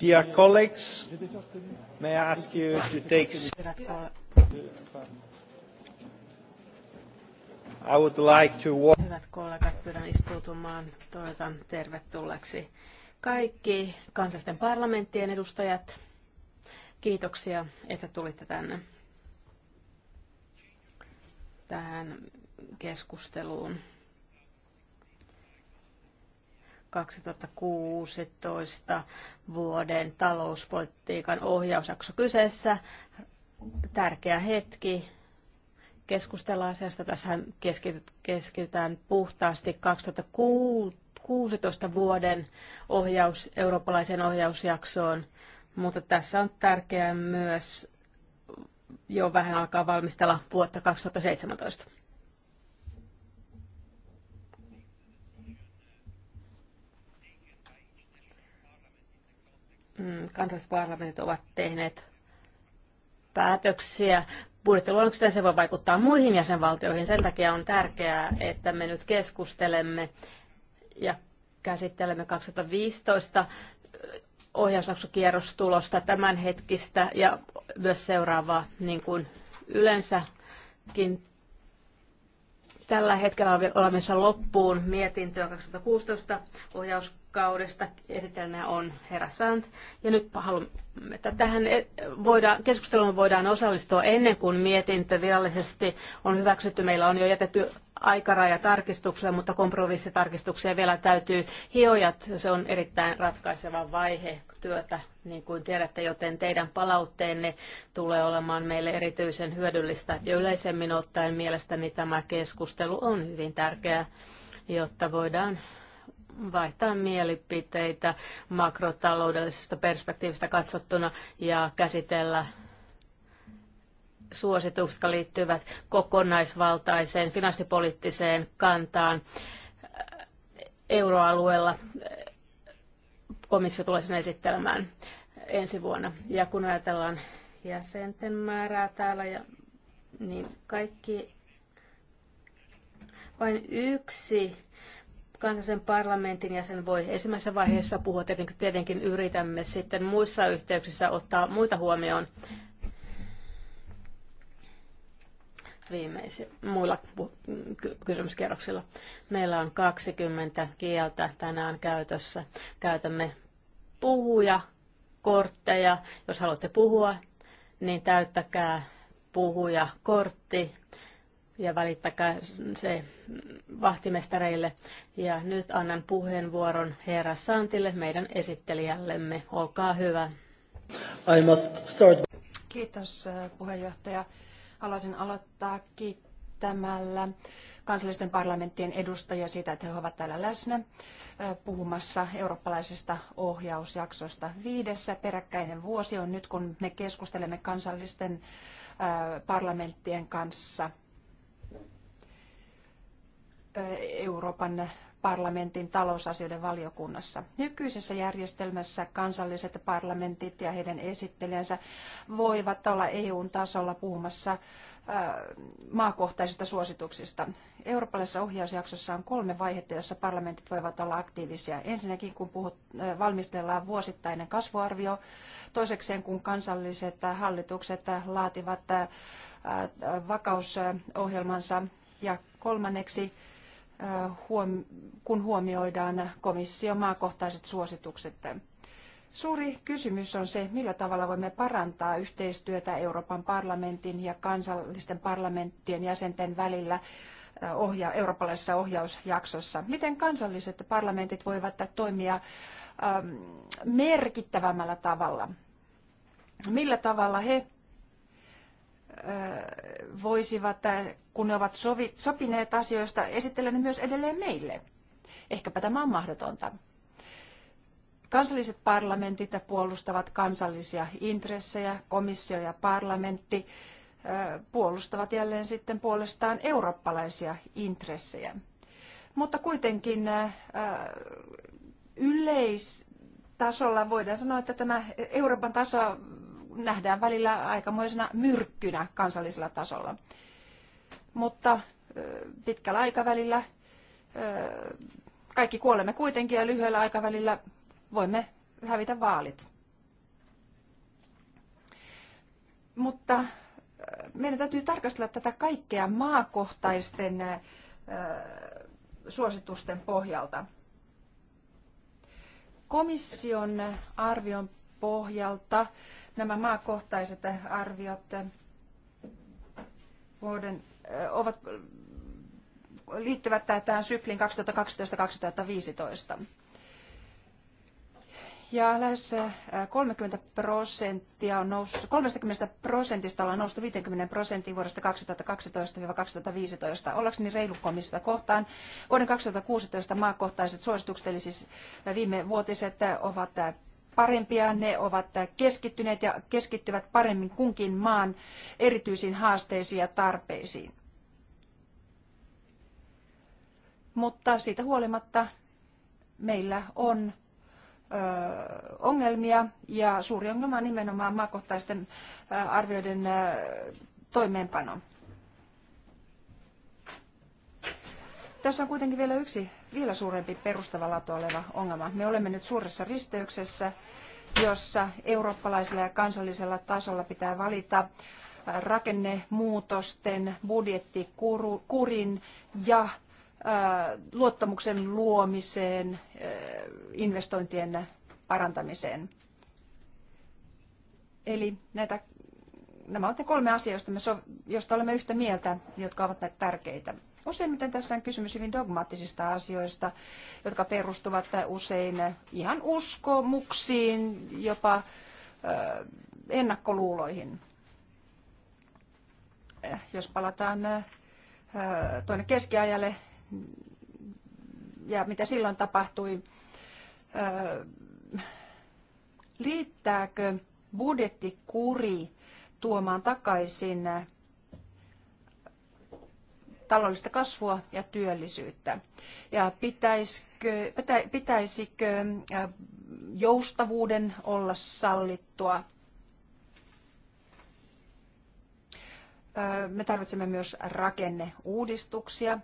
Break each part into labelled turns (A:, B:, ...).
A: Dear colleagues, may I ask you to take...
B: I would like to... Hyvät kollegat, pyydän istuutumaan. Toivotan tervetulleeksi kaikki kansallisten parlamenttien edustajat. Kiitoksia, että tulitte tänne tähän keskusteluun. 2016 vuoden talouspolitiikan ohjausjakso kyseessä. Tärkeä hetki keskustella asiasta. Tässähän keskitytään puhtaasti 2016 vuoden ohjaus, eurooppalaiseen ohjausjaksoon, mutta tässä on tärkeää myös jo vähän alkaa valmistella vuotta 2017. Mm, kansallisparlamentit ovat tehneet päätöksiä. Budjettiluonnoksesta se voi vaikuttaa muihin jäsenvaltioihin. Sen takia on tärkeää, että me nyt keskustelemme ja käsittelemme 2015 ohjausjaksokierrostulosta tämänhetkistä ja myös seuraavaa, niin kuin yleensäkin tällä hetkellä olemme loppuun mietintöä 2016 ohjaus Kaudesta esitelmä on herra Sant. Ja nyt haluamme, että tähän e, voidaan, keskusteluun voidaan osallistua ennen kuin mietintö virallisesti on hyväksytty. Meillä on jo jätetty aikaraja tarkistukselle, mutta kompromissitarkistuksia vielä täytyy hiojat. Se on erittäin ratkaiseva vaihe työtä, niin kuin tiedätte, joten teidän palautteenne tulee olemaan meille erityisen hyödyllistä. Ja yleisemmin ottaen mielestäni tämä keskustelu on hyvin tärkeää, jotta voidaan vaihtaa mielipiteitä makrotaloudellisesta perspektiivistä katsottuna ja käsitellä suositukset, jotka liittyvät kokonaisvaltaiseen finanssipoliittiseen kantaan euroalueella. Komissio tulee sen esittelemään ensi vuonna. Ja kun ajatellaan jäsenten määrää täällä, ja, niin kaikki vain yksi Kansallisen parlamentin jäsen voi ensimmäisessä vaiheessa puhua. Tietenkin, tietenkin yritämme sitten muissa yhteyksissä ottaa muita huomioon viimeisillä muilla kysymyskierroksilla. Meillä on 20 kieltä tänään käytössä. Käytämme puhuja kortteja. Jos haluatte puhua, niin täyttäkää puhuja kortti ja välittäkää se vahtimestareille. Ja nyt annan puheenvuoron herra Santille, meidän esittelijällemme. Olkaa hyvä. I must start.
A: Kiitos äh, puheenjohtaja. Haluaisin aloittaa kiittämällä kansallisten parlamenttien edustajia siitä, että he ovat täällä läsnä äh, puhumassa eurooppalaisesta ohjausjaksosta. Viidessä peräkkäinen vuosi on nyt, kun me keskustelemme kansallisten äh, parlamenttien kanssa – Euroopan parlamentin talousasioiden valiokunnassa. Nykyisessä järjestelmässä kansalliset parlamentit ja heidän esittelijänsä voivat olla EUn tasolla puhumassa maakohtaisista suosituksista. Eurooppalaisessa ohjausjaksossa on kolme vaihetta, jossa parlamentit voivat olla aktiivisia. Ensinnäkin, kun puhut, valmistellaan vuosittainen kasvuarvio. Toisekseen, kun kansalliset hallitukset laativat vakausohjelmansa. Ja kolmanneksi, kun huomioidaan komission maakohtaiset suositukset. Suuri kysymys on se, millä tavalla voimme parantaa yhteistyötä Euroopan parlamentin ja kansallisten parlamenttien jäsenten välillä ohja- eurooppalaisessa ohjausjaksossa. Miten kansalliset parlamentit voivat toimia merkittävämmällä tavalla? Millä tavalla he voisivat, kun ne ovat sovi, sopineet asioista, esitellä ne myös edelleen meille. Ehkäpä tämä on mahdotonta. Kansalliset parlamentit puolustavat kansallisia intressejä, komissio ja parlamentti puolustavat jälleen sitten puolestaan eurooppalaisia intressejä. Mutta kuitenkin yleis, tasolla voidaan sanoa, että tämä Euroopan taso nähdään välillä aikamoisena myrkkynä kansallisella tasolla. Mutta pitkällä aikavälillä kaikki kuolemme kuitenkin ja lyhyellä aikavälillä voimme hävitä vaalit. Mutta meidän täytyy tarkastella tätä kaikkea maakohtaisten suositusten pohjalta. Komission arvion pohjalta Nämä maakohtaiset arviot eh, vuoden, eh, ovat, eh, liittyvät tähän sykliin 2012-2015. Ja lähes 30 prosenttia on noussut, 30 prosentista ollaan noustu 50 prosenttia vuodesta 2012-2015. Ollakseni reilu komissiota kohtaan. Vuoden 2016 maakohtaiset suositukset, eli siis viime vuotiset, ovat parempia, ne ovat keskittyneet ja keskittyvät paremmin kunkin maan erityisiin haasteisiin ja tarpeisiin. Mutta siitä huolimatta meillä on ongelmia ja suuri ongelma on nimenomaan maakohtaisten arvioiden toimeenpano. Tässä on kuitenkin vielä yksi vielä suurempi perustavanlaatua oleva ongelma. Me olemme nyt suuressa risteyksessä, jossa eurooppalaisella ja kansallisella tasolla pitää valita äh, rakennemuutosten, budjettikurin ja äh, luottamuksen luomiseen, äh, investointien parantamiseen. Eli näitä, nämä ovat ne kolme asiaa, joista, me, joista olemme yhtä mieltä, jotka ovat näitä tärkeitä. Useimmiten tässä on kysymys hyvin dogmaattisista asioista, jotka perustuvat usein ihan uskomuksiin, jopa ennakkoluuloihin. Eh, jos palataan tuonne keskiajalle ja mitä silloin tapahtui, liittääkö budjettikuri tuomaan takaisin taloudellista kasvua ja työllisyyttä. Ja pitäisikö, pitäisikö joustavuuden olla sallittua? Me tarvitsemme myös rakenneuudistuksia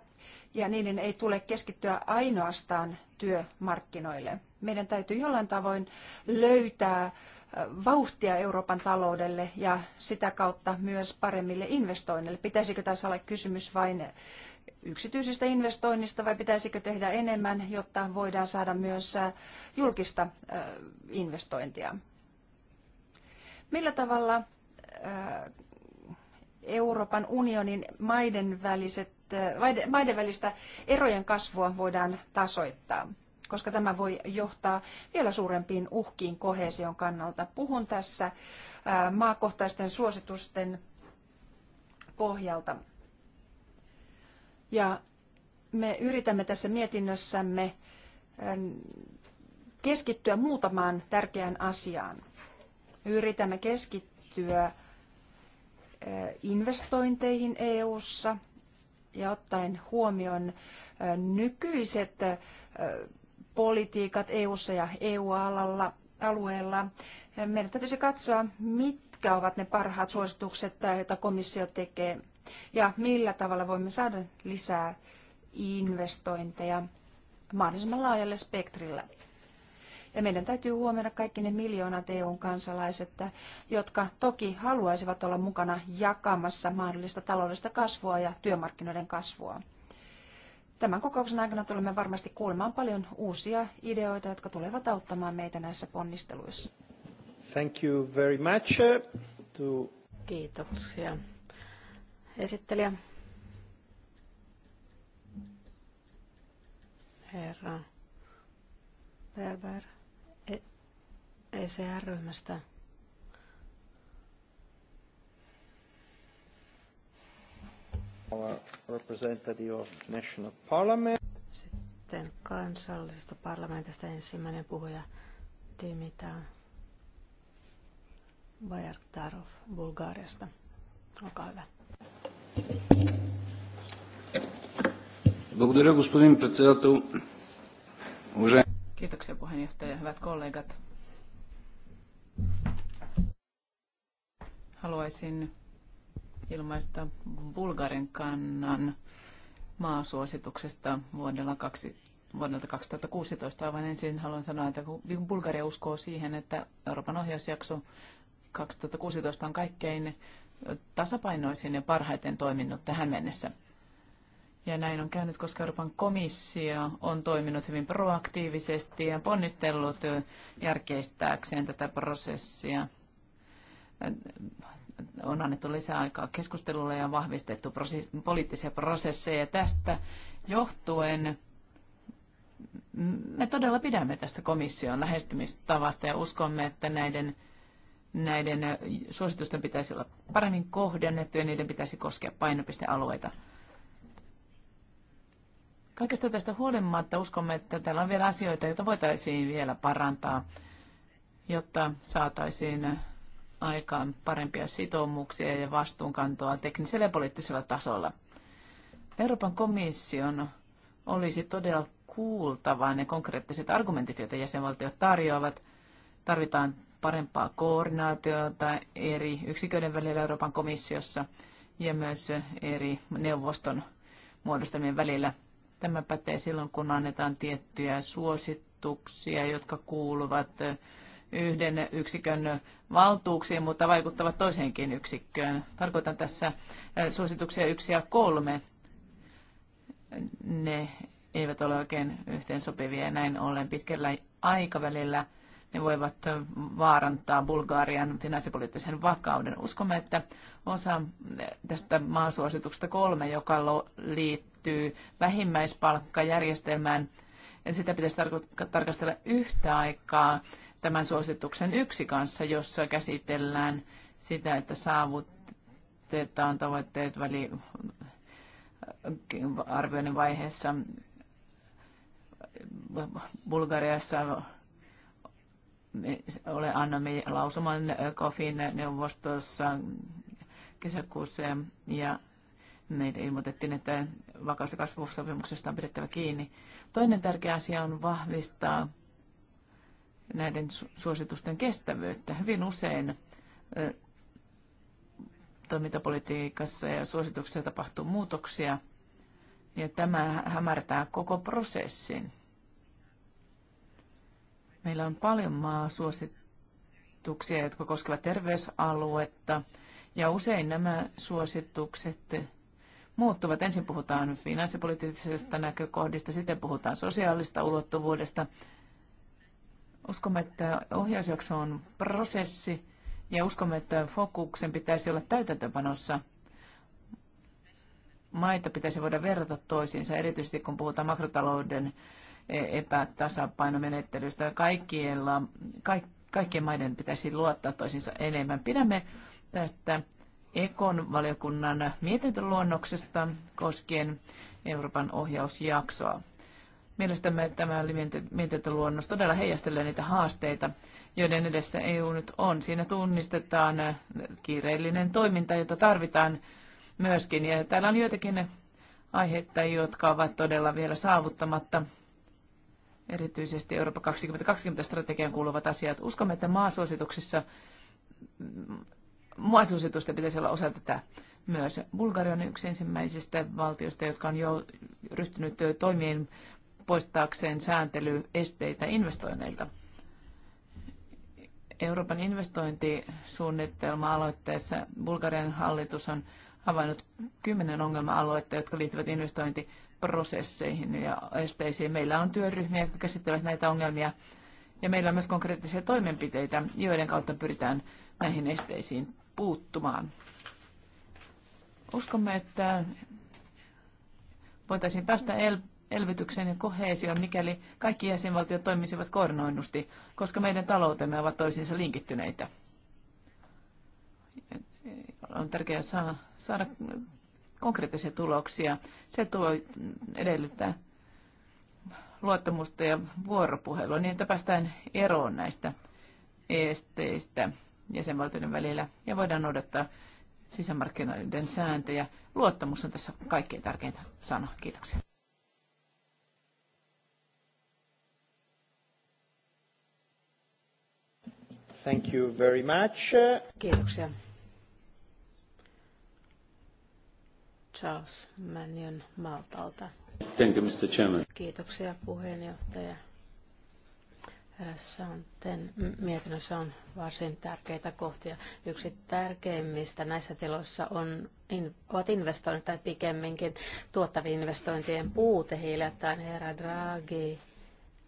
A: ja niiden ei tule keskittyä ainoastaan työmarkkinoille. Meidän täytyy jollain tavoin löytää vauhtia Euroopan taloudelle ja sitä kautta myös paremmille investoinneille? Pitäisikö tässä olla kysymys vain yksityisistä investoinnista vai pitäisikö tehdä enemmän, jotta voidaan saada myös äh, julkista äh, investointia? Millä tavalla äh, Euroopan unionin maiden, väliset, maiden välistä erojen kasvua voidaan tasoittaa? koska tämä voi johtaa vielä suurempiin uhkiin kohesion kannalta. Puhun tässä maakohtaisten suositusten pohjalta. Ja me yritämme tässä mietinnössämme keskittyä muutamaan tärkeään asiaan. Yritämme keskittyä investointeihin EU:ssa ja ottaen huomioon nykyiset politiikat EU:ssa ja EU-alalla alueella. Meidän täytyisi katsoa, mitkä ovat ne parhaat suositukset, joita komissio tekee ja millä tavalla voimme saada lisää investointeja mahdollisimman laajalle spektrille. Ja meidän täytyy huomioida kaikki ne miljoonat EU-kansalaiset, jotka toki haluaisivat olla mukana jakamassa mahdollista taloudellista kasvua ja työmarkkinoiden kasvua. Tämän kokouksen aikana tulemme varmasti kuulemaan paljon uusia ideoita, jotka tulevat auttamaan meitä näissä ponnisteluissa.
B: Thank you very much uh, to...
A: Kiitoksia. Esittelijä.
B: Herra Berber ECR-ryhmästä. E our representative of national parliament. Sitten kansallisesta parlamentista ensimmäinen puhuja Dimitra Bayraktarov Bulgariasta. Olkaa hyvä.
A: Благодаря, господин председател.
C: Kiitoksia puheenjohtaja. Hyvät kollegat. Haluaisin ilmaista Bulgarin kannan maasuosituksesta vuodella kaksi, vuodelta 2016. Aivan ensin haluan sanoa, että kun Bulgaria uskoo siihen, että Euroopan ohjausjakso 2016 on kaikkein tasapainoisin ja parhaiten toiminut tähän mennessä. Ja näin on käynyt, koska Euroopan komissio on toiminut hyvin proaktiivisesti ja ponnistellut järkeistääkseen tätä prosessia on annettu lisää aikaa keskustelulle ja vahvistettu poliittisia prosesseja. Tästä johtuen me todella pidämme tästä komission lähestymistavasta ja uskomme, että näiden, näiden suositusten pitäisi olla paremmin kohdennettu ja niiden pitäisi koskea painopistealueita. Kaikesta tästä huolimatta uskomme, että täällä on vielä asioita, joita voitaisiin vielä parantaa, jotta saataisiin aikaan parempia sitoumuksia ja vastuunkantoa teknisellä ja poliittisella tasolla. Euroopan komission olisi todella kuultava ne konkreettiset argumentit, joita jäsenvaltiot tarjoavat. Tarvitaan parempaa koordinaatiota eri yksiköiden välillä Euroopan komissiossa ja myös eri neuvoston muodostamien välillä. Tämä pätee silloin, kun annetaan tiettyjä suosituksia, jotka kuuluvat yhden yksikön valtuuksiin, mutta vaikuttavat toiseenkin yksikköön. Tarkoitan tässä suosituksia yksi ja kolme. Ne eivät ole oikein yhteensopivia ja näin ollen pitkällä aikavälillä ne voivat vaarantaa Bulgarian finanssipoliittisen vakauden. Uskomme, että osa tästä maasuosituksesta kolme, joka liittyy vähimmäispalkkajärjestelmään, sitä pitäisi tarkastella yhtä aikaa tämän suosituksen yksi kanssa, jossa käsitellään sitä, että saavutetaan tavoitteet väli arvioinnin vaiheessa Bulgariassa ole, annamme lausuman COFIN neuvostossa kesäkuussa ja meille ilmoitettiin, että vakaus- ja kasvusopimuksesta on pidettävä kiinni. Toinen tärkeä asia on vahvistaa näiden suositusten kestävyyttä. Hyvin usein toimintapolitiikassa ja suosituksessa tapahtuu muutoksia, ja tämä hämärtää koko prosessin. Meillä on paljon maa suosituksia, jotka koskevat terveysaluetta, ja usein nämä suositukset muuttuvat. Ensin puhutaan finanssipoliittisesta näkökohdista, sitten puhutaan sosiaalista ulottuvuudesta, Uskomme, että ohjausjakso on prosessi ja uskomme, että fokuksen pitäisi olla täytäntöpanossa. Maita pitäisi voida verrata toisiinsa, erityisesti kun puhutaan makrotalouden e- epätasapainomenettelystä. Kaikkiella, kaik, kaikkien maiden pitäisi luottaa toisiinsa enemmän. Pidämme tästä Ekon valiokunnan mietintöluonnoksesta koskien Euroopan ohjausjaksoa. Mielestämme tämä oli luonnos todella heijastelee niitä haasteita, joiden edessä EU nyt on. Siinä tunnistetaan kiireellinen toiminta, jota tarvitaan myöskin. Ja täällä on joitakin aiheita, jotka ovat todella vielä saavuttamatta. Erityisesti Euroopan 2020-strategian kuuluvat asiat. Uskomme, että maasuosituksissa maasuositusten pitäisi olla osa tätä myös. Bulgaria on yksi ensimmäisistä valtioista, jotka on jo ryhtynyt toimiin poistaakseen sääntelyesteitä investoinneilta. Euroopan investointisuunnitelma aloitteessa Bulgarian hallitus on havainnut kymmenen ongelma-aluetta, jotka liittyvät investointiprosesseihin ja esteisiin. Meillä on työryhmiä, jotka käsittelevät näitä ongelmia ja meillä on myös konkreettisia toimenpiteitä, joiden kautta pyritään näihin esteisiin puuttumaan. Uskomme, että voitaisiin päästä elvytykseen ja koheesioon, mikäli kaikki jäsenvaltiot toimisivat koordinoinnusti, koska meidän taloutemme ovat toisiinsa linkittyneitä. On tärkeää saada, saada konkreettisia tuloksia. Se tuo edellyttää luottamusta ja vuoropuhelua niin, että päästään eroon näistä esteistä jäsenvaltioiden välillä ja voidaan odottaa sisämarkkinoiden sääntöjä. Luottamus on tässä kaikkein tärkeintä sana. Kiitoksia.
B: Thank you very much. Kiitoksia. Charles Mannion Maltalta. Thank you,
C: Mr. Chairman.
B: Kiitoksia puheenjohtaja. Tässä on, tämän mietinnössä on varsin tärkeitä kohtia. Yksi tärkeimmistä näissä tiloissa on, in, ovat investoinnit tai pikemminkin tuottavien investointien puute hiljattain. Herra Draghi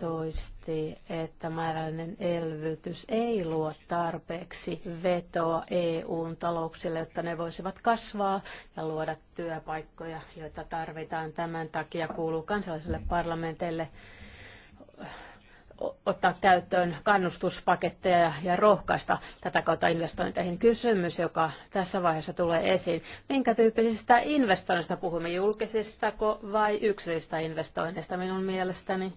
B: toisti, että määrällinen elvytys ei luo tarpeeksi vetoa EUn talouksille, jotta ne voisivat kasvaa ja luoda työpaikkoja, joita tarvitaan. Tämän takia kuuluu kansalliselle parlamentille ottaa käyttöön kannustuspaketteja ja rohkaista tätä kautta investointeihin. Kysymys, joka tässä vaiheessa tulee esiin, minkä tyyppisistä investoinnista puhumme, julkisista vai yksilöistä investoinneista minun mielestäni?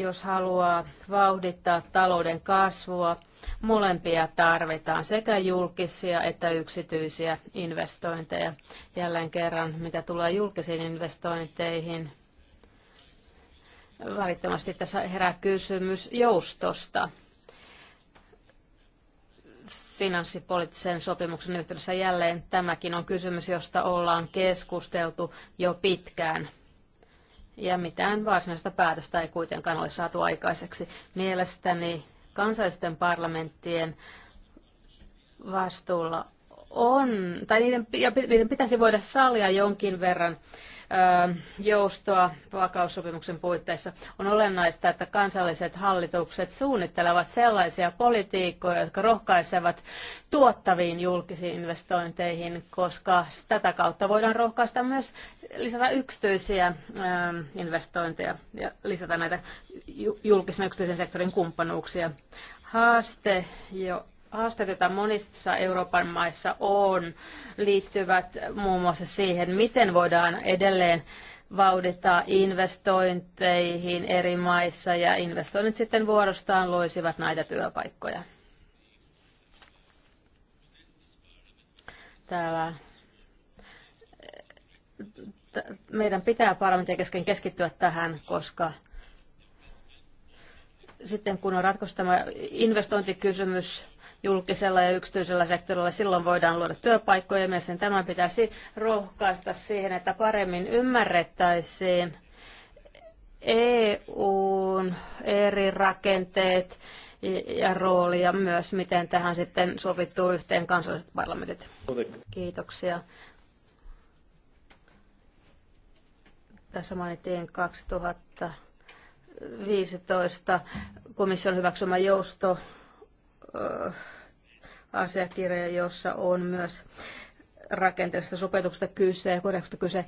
B: jos haluaa vauhdittaa talouden kasvua, molempia tarvitaan, sekä julkisia että yksityisiä investointeja. Jälleen kerran, mitä tulee julkisiin investointeihin, valitettavasti tässä herää kysymys joustosta finanssipoliittisen sopimuksen yhteydessä jälleen tämäkin on kysymys, josta ollaan keskusteltu jo pitkään ja mitään varsinaista päätöstä ei kuitenkaan ole saatu aikaiseksi. Mielestäni kansallisten parlamenttien vastuulla on, tai niiden, ja niiden pitäisi voida sallia jonkin verran joustoa vakaussopimuksen puitteissa. On olennaista, että kansalliset hallitukset suunnittelevat sellaisia politiikkoja, jotka rohkaisevat tuottaviin julkisiin investointeihin, koska tätä kautta voidaan rohkaista myös lisätä yksityisiä investointeja ja lisätä näitä julkisen ja yksityisen sektorin kumppanuuksia. Haaste, jo haasteet, joita monissa Euroopan maissa on, liittyvät muun muassa siihen, miten voidaan edelleen vauhdittaa investointeihin eri maissa ja investoinnit sitten vuorostaan loisivat näitä työpaikkoja. Täällä meidän pitää parlamentin kesken keskittyä tähän, koska sitten kun on ratkaistu tämä investointikysymys, julkisella ja yksityisellä sektorilla. Silloin voidaan luoda työpaikkoja ja mielestäni tämän pitäisi rohkaista siihen, että paremmin ymmärrettäisiin EUn eri rakenteet ja rooli ja myös miten tähän sitten sovittuu yhteen kansalliset parlamentit. Kiitoksia. Tässä mainittiin 2015 komission hyväksymä jousto asiakirja, jossa on myös rakenteellisesta sopetuksesta kyse ja korjauksesta kyse.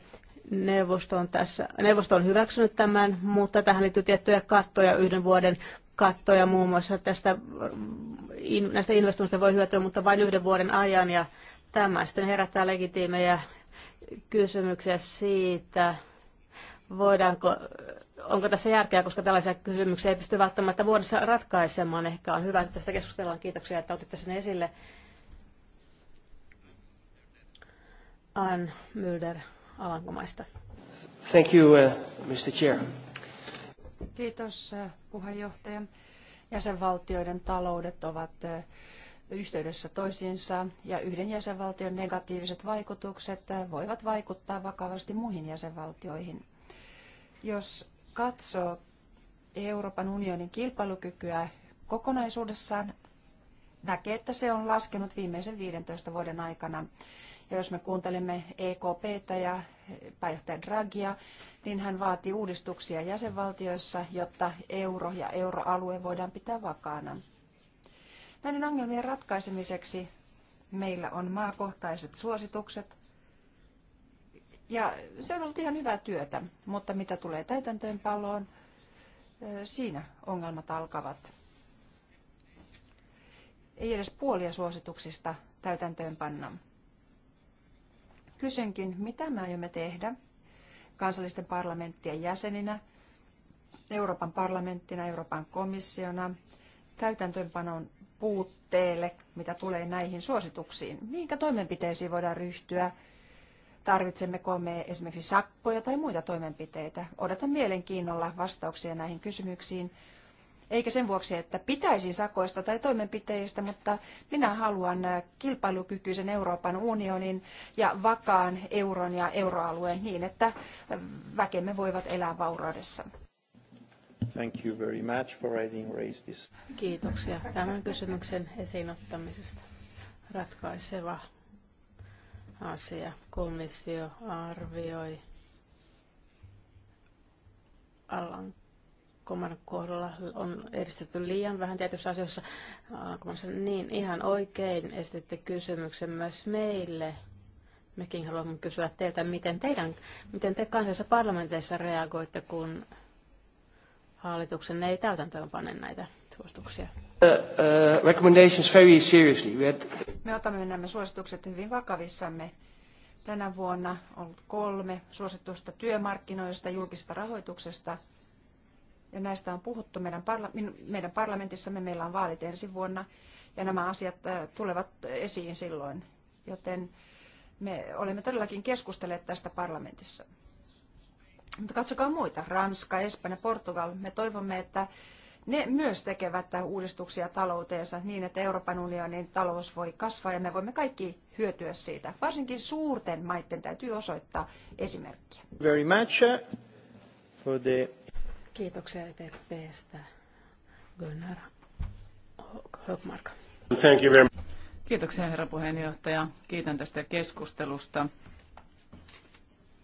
B: Neuvosto on, tässä, neuvosto on hyväksynyt tämän, mutta tähän liittyy tiettyjä kattoja, yhden vuoden kattoja muun muassa. Tästä, näistä investoinnista voi hyötyä, mutta vain yhden vuoden ajan ja tämä sitten herättää legitiimejä kysymyksiä siitä, voidaanko onko tässä järkeä, koska tällaisia kysymyksiä ei pysty välttämättä vuodessa ratkaisemaan. Ehkä on hyvä, että tästä keskustellaan. Kiitoksia, että otitte sen esille. Ann Mulder
A: Alankomaista. Thank you, uh, Mr. Chair. Kiitos uh, puheenjohtaja. Jäsenvaltioiden taloudet ovat uh, yhteydessä toisiinsa ja yhden jäsenvaltion negatiiviset vaikutukset uh, voivat vaikuttaa vakavasti muihin jäsenvaltioihin. Jos katsoo Euroopan unionin kilpailukykyä kokonaisuudessaan, näkee, että se on laskenut viimeisen 15 vuoden aikana. Ja jos me kuuntelemme EKPtä ja pääjohtaja Dragia, niin hän vaatii uudistuksia jäsenvaltioissa, jotta euro ja euroalue voidaan pitää vakaana. Näiden ongelmien ratkaisemiseksi meillä on maakohtaiset suositukset, ja se on ollut ihan hyvää työtä, mutta mitä tulee täytäntöönpaloon, siinä ongelmat alkavat. Ei edes puolia suosituksista täytäntöönpanna. Kysynkin, mitä me aiomme tehdä kansallisten parlamenttien jäseninä, Euroopan parlamenttina, Euroopan komissiona, täytäntöönpanon puutteelle, mitä tulee näihin suosituksiin. Minkä toimenpiteisiin voidaan ryhtyä Tarvitsemmeko me esimerkiksi sakkoja tai muita toimenpiteitä? Odotan mielenkiinnolla vastauksia näihin kysymyksiin. Eikä sen vuoksi, että pitäisi sakoista tai toimenpiteistä, mutta minä haluan äh, kilpailukykyisen Euroopan unionin ja vakaan euron ja euroalueen niin, että äh, väkemme voivat elää vauraudessa.
B: Thank you very much for raising, raise this.
A: Kiitoksia tämän kysymyksen esiin
B: ottamisesta. Ratkaisevaa asia. Komissio arvioi Allan Koman kohdalla on edistetty liian vähän tietyissä asioissa. niin ihan oikein esititte kysymyksen myös meille. Mekin haluamme kysyä teiltä, miten, teidän, miten te kansallisissa parlamenteissa reagoitte, kun
A: hallituksen ei pane näitä suosituksia. Uh, uh, recommendations very seriously. We had... Me otamme nämä suositukset hyvin vakavissamme. Tänä vuonna on ollut kolme suositusta työmarkkinoista, julkisesta rahoituksesta. Ja näistä on puhuttu meidän, parla- meidän parlamentissamme. Meillä on vaalit ensi vuonna ja nämä asiat äh, tulevat esiin silloin. Joten me olemme todellakin keskustelleet tästä parlamentissa. Mutta katsokaa muita. Ranska, Espanja, Portugal. Me toivomme, että ne myös tekevät uudistuksia talouteensa niin, että Euroopan unionin talous voi kasvaa ja me voimme kaikki hyötyä siitä. Varsinkin suurten maiden täytyy osoittaa esimerkkiä. Very much uh, for the... Kiitoksia
B: EPPstä, Gunnar Högmark.
A: Thank you
C: very much. Kiitoksia herra puheenjohtaja. Kiitän tästä keskustelusta.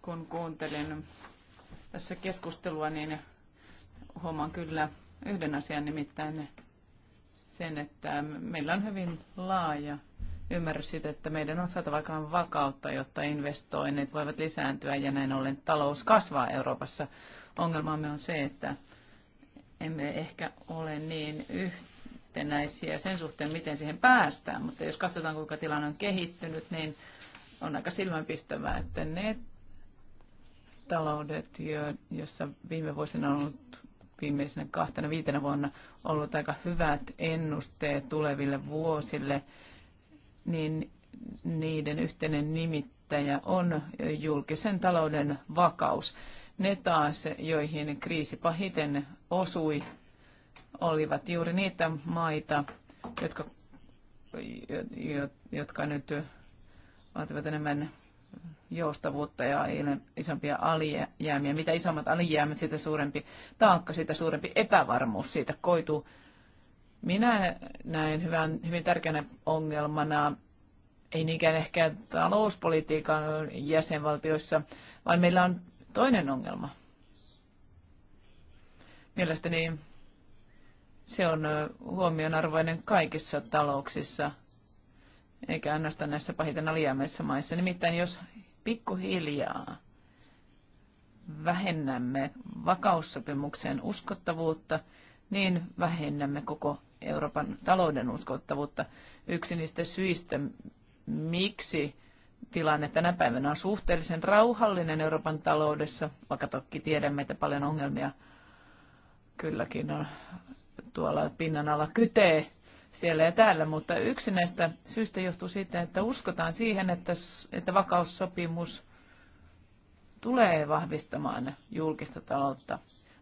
C: Kun kuuntelin tässä keskustelua, niin huomaan kyllä yhden asian nimittäin sen, että meillä on hyvin laaja ymmärrys siitä, että meidän on saatava aikaan vakautta, jotta investoinnit voivat lisääntyä ja näin ollen talous kasvaa Euroopassa. Ongelmamme on se, että emme ehkä ole niin yhtenäisiä sen suhteen, miten siihen päästään, mutta jos katsotaan, kuinka tilanne on kehittynyt, niin on aika silmänpistävää, että ne taloudet, joissa viime vuosina on ollut viimeisenä kahtena viitenä vuonna ollut aika hyvät ennusteet tuleville vuosille, niin niiden yhteinen nimittäjä on julkisen talouden vakaus. Ne taas, joihin kriisi pahiten osui, olivat juuri niitä maita, jotka, jotka nyt vaativat enemmän joustavuutta ja isompia alijäämiä. Mitä isommat alijäämät, sitä suurempi taakka, sitä suurempi epävarmuus siitä koituu. Minä näen hyvän, hyvin tärkeänä ongelmana, ei niinkään ehkä talouspolitiikan jäsenvaltioissa, vaan meillä on toinen ongelma. Mielestäni se on huomionarvoinen kaikissa talouksissa, eikä ainoastaan näissä pahiten alijäämäisissä maissa. Nimittäin jos pikkuhiljaa vähennämme vakaussopimuksen uskottavuutta, niin vähennämme koko Euroopan talouden uskottavuutta. Yksi niistä syistä, miksi tilanne tänä päivänä on suhteellisen rauhallinen Euroopan taloudessa, vaikka toki tiedämme, että paljon ongelmia kylläkin on tuolla pinnan alla kytee, siellä ja täällä, mutta yksi näistä syistä johtuu siitä, että uskotaan siihen, että, että vakaussopimus tulee vahvistamaan julkista taloutta.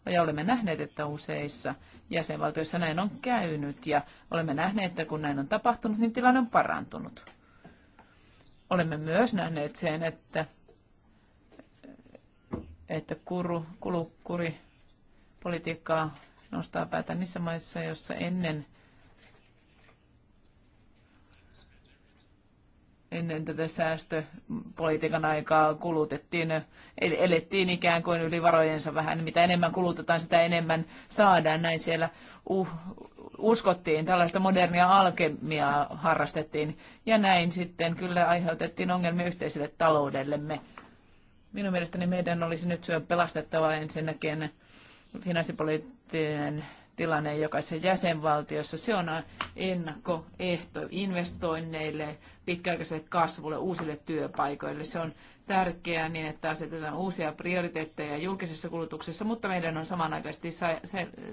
C: Ja olemme nähneet, että useissa jäsenvaltioissa näin on käynyt ja olemme nähneet, että kun näin on tapahtunut, niin tilanne on parantunut. Olemme myös nähneet sen, että, että kuru, kulukuri politiikkaa nostaa päätä niissä maissa, joissa ennen ennen tätä säästöpolitiikan aikaa kulutettiin, elettiin ikään kuin yli varojensa vähän. Mitä enemmän kulutetaan, sitä enemmän saadaan. Näin siellä uh, uskottiin, tällaista modernia alkemiaa harrastettiin. Ja näin sitten kyllä aiheutettiin ongelmia yhteiselle taloudellemme. Minun mielestäni meidän olisi nyt pelastettava ensinnäkin finanssipoliittinen tilanne jokaisessa jäsenvaltiossa. Se on ennakkoehto investoinneille, pitkäaikaiselle kasvulle, uusille työpaikoille. Se on tärkeää niin, että asetetaan uusia prioriteetteja julkisessa kulutuksessa, mutta meidän on samanaikaisesti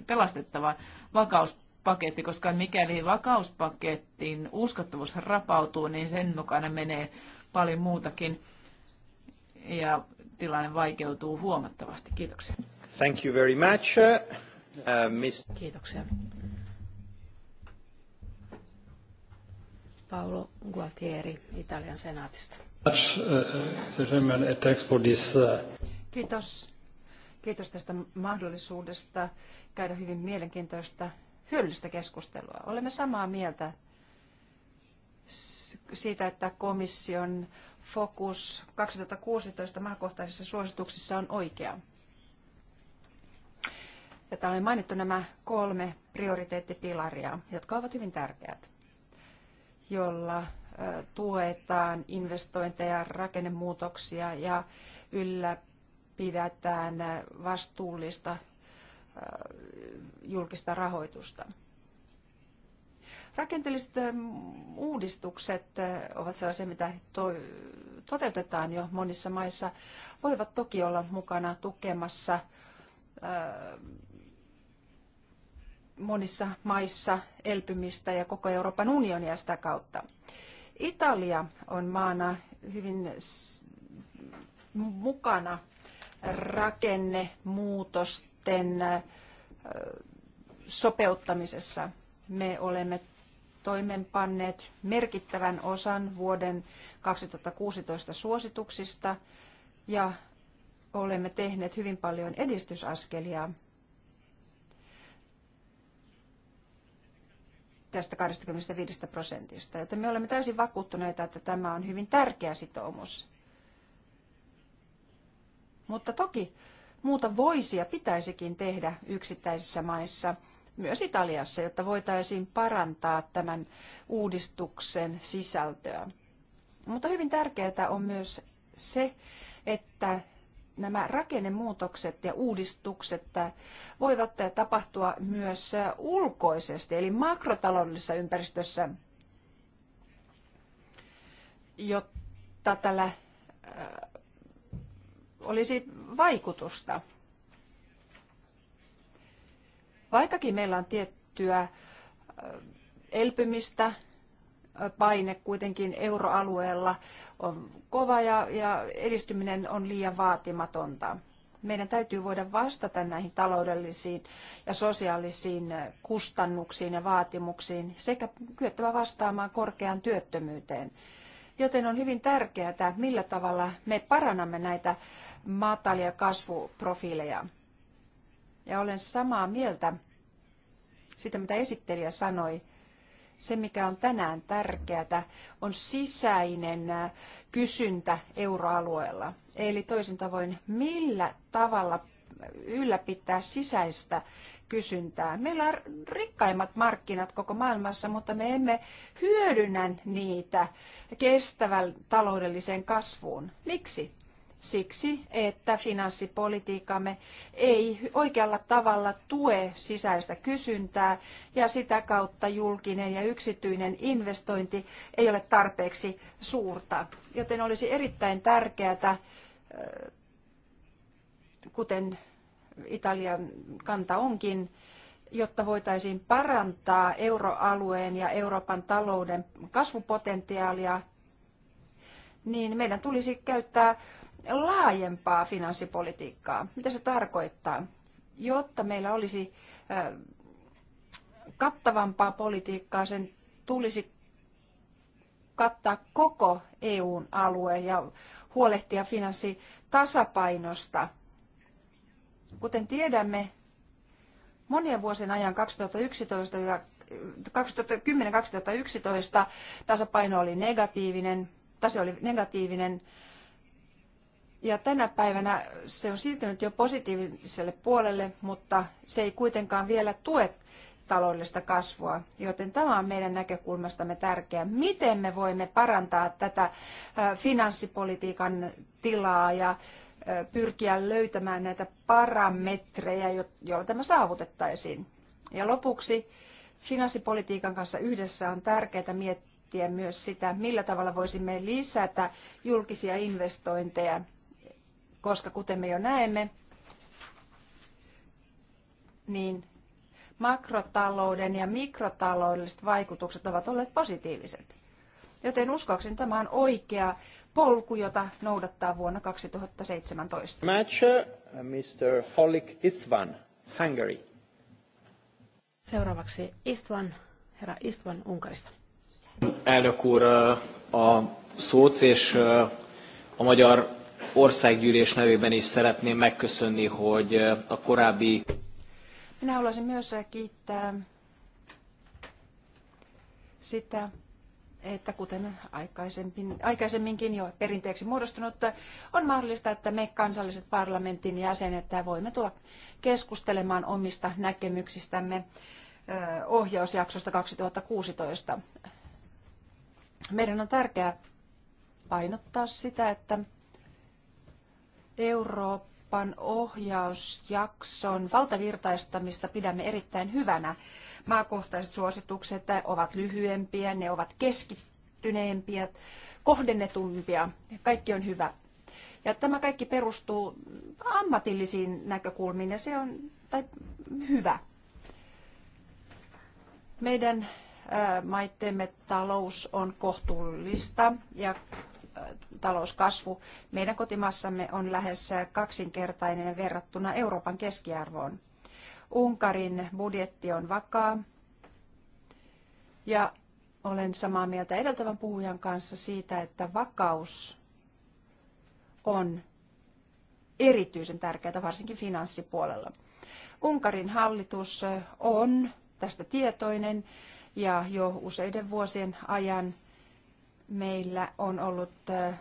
C: pelastettava vakauspaketti, koska mikäli vakauspaketin uskottavuus rapautuu, niin sen mukana menee paljon muutakin ja tilanne vaikeutuu huomattavasti. Kiitoksia.
B: Thank you very much. Äh, Kiitoksia.
A: Paolo Gualtieri Italian senaatista. Kiitos. Kiitos tästä mahdollisuudesta käydä hyvin mielenkiintoista hyödyllistä keskustelua. Olemme samaa mieltä siitä, että komission fokus 2016 maakohtaisissa suosituksissa on oikea. Ja täällä on mainittu nämä kolme prioriteettipilaria, jotka ovat hyvin tärkeät, jolla tuetaan investointeja, rakennemuutoksia ja ylläpidetään vastuullista julkista rahoitusta. Rakenteelliset uudistukset ovat sellaisia, mitä toteutetaan jo monissa maissa, voivat toki olla mukana tukemassa monissa maissa elpymistä ja koko Euroopan unionia sitä kautta. Italia on maana hyvin mukana rakennemuutosten sopeuttamisessa. Me olemme toimenpanneet merkittävän osan vuoden 2016 suosituksista ja olemme tehneet hyvin paljon edistysaskelia tästä 25 prosentista. Joten me olemme täysin vakuuttuneita, että tämä on hyvin tärkeä sitoumus. Mutta toki muuta voisi ja pitäisikin tehdä yksittäisissä maissa, myös Italiassa, jotta voitaisiin parantaa tämän uudistuksen sisältöä. Mutta hyvin tärkeää on myös se, että nämä rakennemuutokset ja uudistukset voivat tapahtua myös ulkoisesti, eli makrotaloudellisessa ympäristössä, jotta tällä äh, olisi vaikutusta. Vaikkakin meillä on tiettyä äh, elpymistä paine kuitenkin euroalueella on kova ja, ja edistyminen on liian vaatimatonta. Meidän täytyy voida vastata näihin taloudellisiin ja sosiaalisiin kustannuksiin ja vaatimuksiin sekä kyettävä vastaamaan korkeaan työttömyyteen. Joten on hyvin tärkeää, millä tavalla me parannamme näitä matalia kasvuprofiileja. Ja olen samaa mieltä sitä, mitä esittelijä sanoi, se, mikä on tänään tärkeää, on sisäinen äh, kysyntä euroalueella. Eli toisin tavoin, millä tavalla ylläpitää sisäistä kysyntää. Meillä on rikkaimmat markkinat koko maailmassa, mutta me emme hyödynnä niitä kestävän taloudelliseen kasvuun. Miksi? siksi, että finanssipolitiikkamme ei oikealla tavalla tue sisäistä kysyntää ja sitä kautta julkinen ja yksityinen investointi ei ole tarpeeksi suurta. Joten olisi erittäin tärkeää, kuten Italian kanta onkin, jotta voitaisiin parantaa euroalueen ja Euroopan talouden kasvupotentiaalia, niin meidän tulisi käyttää laajempaa finanssipolitiikkaa. Mitä se tarkoittaa? Jotta meillä olisi kattavampaa politiikkaa, sen tulisi kattaa koko EUn alue ja huolehtia finanssitasapainosta. Kuten tiedämme, monien vuosien ajan 2011 ja 2010-2011 tasapaino oli negatiivinen, tase oli negatiivinen ja tänä päivänä se on siirtynyt jo positiiviselle puolelle, mutta se ei kuitenkaan vielä tue taloudellista kasvua, joten tämä on meidän näkökulmastamme tärkeää. Miten me voimme parantaa tätä finanssipolitiikan tilaa ja pyrkiä löytämään näitä parametreja, joilla tämä saavutettaisiin. Ja lopuksi finanssipolitiikan kanssa yhdessä on tärkeää miettiä myös sitä, millä tavalla voisimme lisätä julkisia investointeja koska kuten me jo näemme, niin makrotalouden ja mikrotaloudelliset vaikutukset ovat olleet positiiviset. Joten uskoakseni tämä on oikea polku, jota noudattaa vuonna 2017.
B: Match, uh, Mr. Holik Istvan, Hungary. Seuraavaksi Istvan, herra Istvan Unkarista. Elnök úr, uh, a szót és uh, a magyar országgyűlés nevében is szeretném megköszönni, hogy a korábbi...
A: Minä haluaisin myös kiittää sitä, että kuten aikaisemmin, aikaisemminkin jo perinteeksi muodostunut, on mahdollista, että me kansalliset parlamentin jäsenet voimme tulla keskustelemaan omista näkemyksistämme ohjausjaksosta 2016. Meidän on tärkeää painottaa sitä, että Euroopan ohjausjakson valtavirtaistamista pidämme erittäin hyvänä. Maakohtaiset suositukset ovat lyhyempiä, ne ovat keskittyneempiä, kohdennetumpia. Kaikki on hyvä. Ja tämä kaikki perustuu ammatillisiin näkökulmiin ja se on tai hyvä. Meidän maittemme talous on kohtuullista ja talouskasvu meidän kotimassamme on lähes kaksinkertainen verrattuna Euroopan keskiarvoon. Unkarin budjetti on vakaa ja olen samaa mieltä edeltävän puhujan kanssa siitä, että vakaus on erityisen tärkeää, varsinkin finanssipuolella. Unkarin hallitus on tästä tietoinen ja jo useiden vuosien ajan meillä on ollut äh,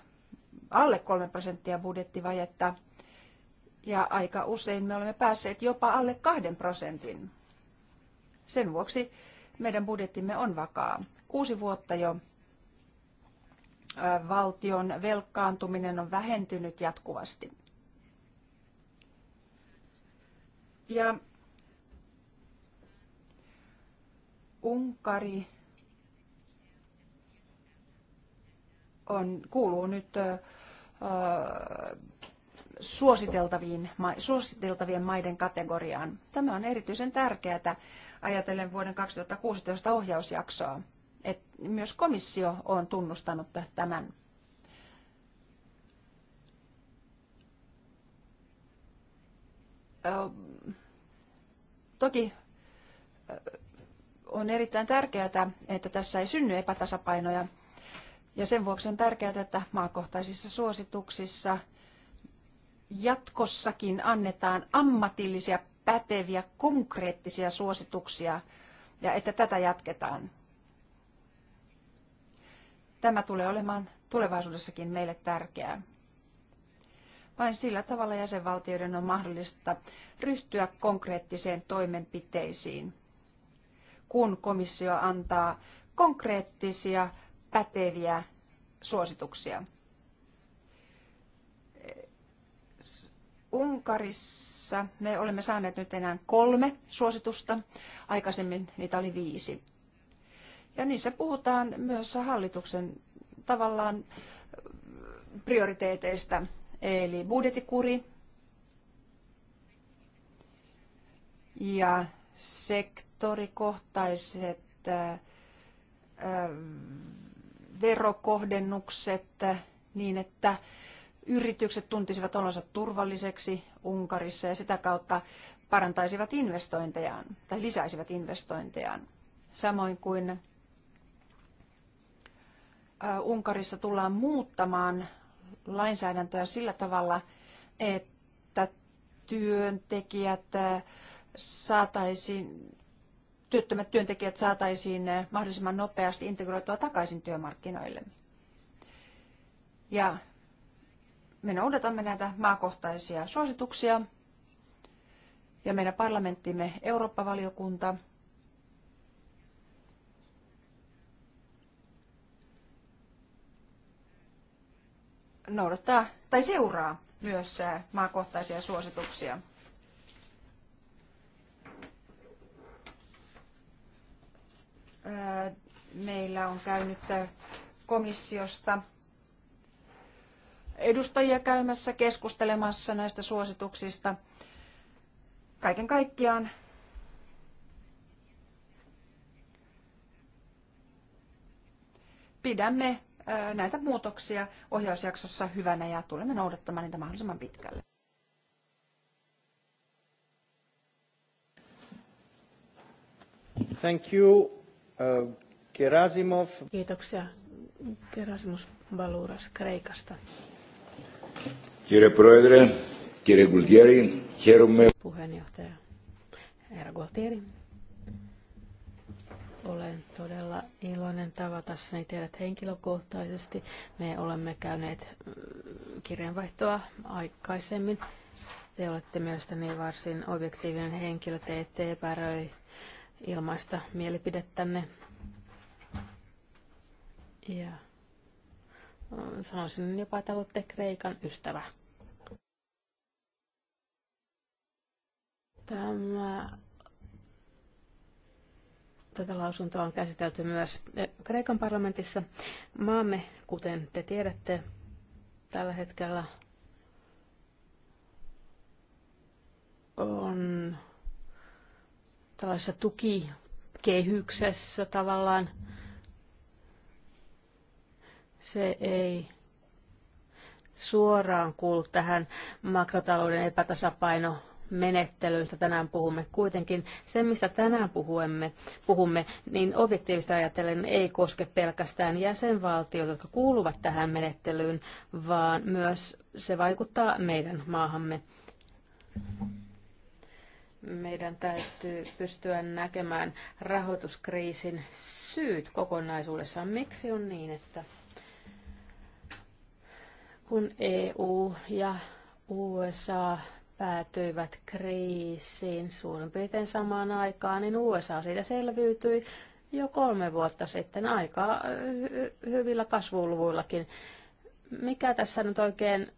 A: alle 3 prosenttia budjettivajetta ja aika usein me olemme päässeet jopa alle 2 prosentin. Sen vuoksi meidän budjettimme on vakaa. Kuusi vuotta jo äh, valtion velkaantuminen on vähentynyt jatkuvasti. Ja Unkari on, kuuluu nyt ö, suositeltaviin, suositeltavien maiden kategoriaan. Tämä on erityisen tärkeää ajatellen vuoden 2016 ohjausjaksoa. Et myös komissio on tunnustanut tämän. Toki on erittäin tärkeää, että tässä ei synny epätasapainoja ja sen vuoksi on tärkeää, että maakohtaisissa suosituksissa jatkossakin annetaan ammatillisia, päteviä, konkreettisia suosituksia ja että tätä jatketaan. Tämä tulee olemaan tulevaisuudessakin meille tärkeää. Vain sillä tavalla jäsenvaltioiden on mahdollista ryhtyä konkreettiseen toimenpiteisiin, kun komissio antaa konkreettisia päteviä suosituksia. Unkarissa me olemme saaneet nyt enää kolme suositusta, aikaisemmin niitä oli viisi. Ja niissä puhutaan myös hallituksen tavallaan prioriteeteista, eli budjetikuri ja sektorikohtaiset äh, verokohdennukset niin, että yritykset tuntisivat olonsa turvalliseksi Unkarissa ja sitä kautta parantaisivat investointejaan tai lisäisivät investointejaan. Samoin kuin Unkarissa tullaan muuttamaan lainsäädäntöä sillä tavalla, että työntekijät saataisiin työttömät työntekijät saataisiin eh, mahdollisimman nopeasti integroitua takaisin työmarkkinoille. Ja me noudatamme näitä maakohtaisia suosituksia ja meidän parlamenttimme Eurooppa-valiokunta noudattaa tai seuraa myös eh, maakohtaisia suosituksia. meillä on käynyt komissiosta edustajia käymässä keskustelemassa näistä suosituksista. Kaiken kaikkiaan pidämme näitä muutoksia ohjausjaksossa hyvänä ja tulemme noudattamaan niitä mahdollisimman pitkälle.
B: Thank you. Kerasimov. Uh, Kiitoksia. Kerasimus Baluras Kreikasta.
C: Κύριε Πρόεδρε, κύριε Γκουλτιέρη, χαίρομαι.
B: Puheenjohtaja, herra Gualtieri. Olen todella iloinen tavatassanne teidät henkilökohtaisesti. Me olemme käyneet mm, kirjanvaihtoa aikaisemmin. Te olette mielestäni varsin objektiivinen henkilö, te ette epäröi ilmaista mielipidettänne. Ja mm, sanoisin jopa, että olette Kreikan ystävä. Tämä, tätä lausuntoa on käsitelty myös e, Kreikan parlamentissa. Maamme, kuten te tiedätte, tällä hetkellä on tällaisessa tukikehyksessä tavallaan. Se ei suoraan kuulu tähän makrotalouden epätasapaino menettelyistä tänään puhumme. Kuitenkin se, mistä tänään puhumme, puhumme niin objektiivista ajatellen ei koske pelkästään jäsenvaltioita, jotka kuuluvat tähän menettelyyn, vaan myös se vaikuttaa meidän maahamme meidän täytyy pystyä näkemään rahoituskriisin syyt kokonaisuudessaan. Miksi on niin, että kun EU ja USA päätyivät kriisiin suurin piirtein samaan aikaan, niin USA siitä selviytyi jo kolme vuotta sitten aika hyvillä kasvuluvuillakin. Mikä tässä nyt oikein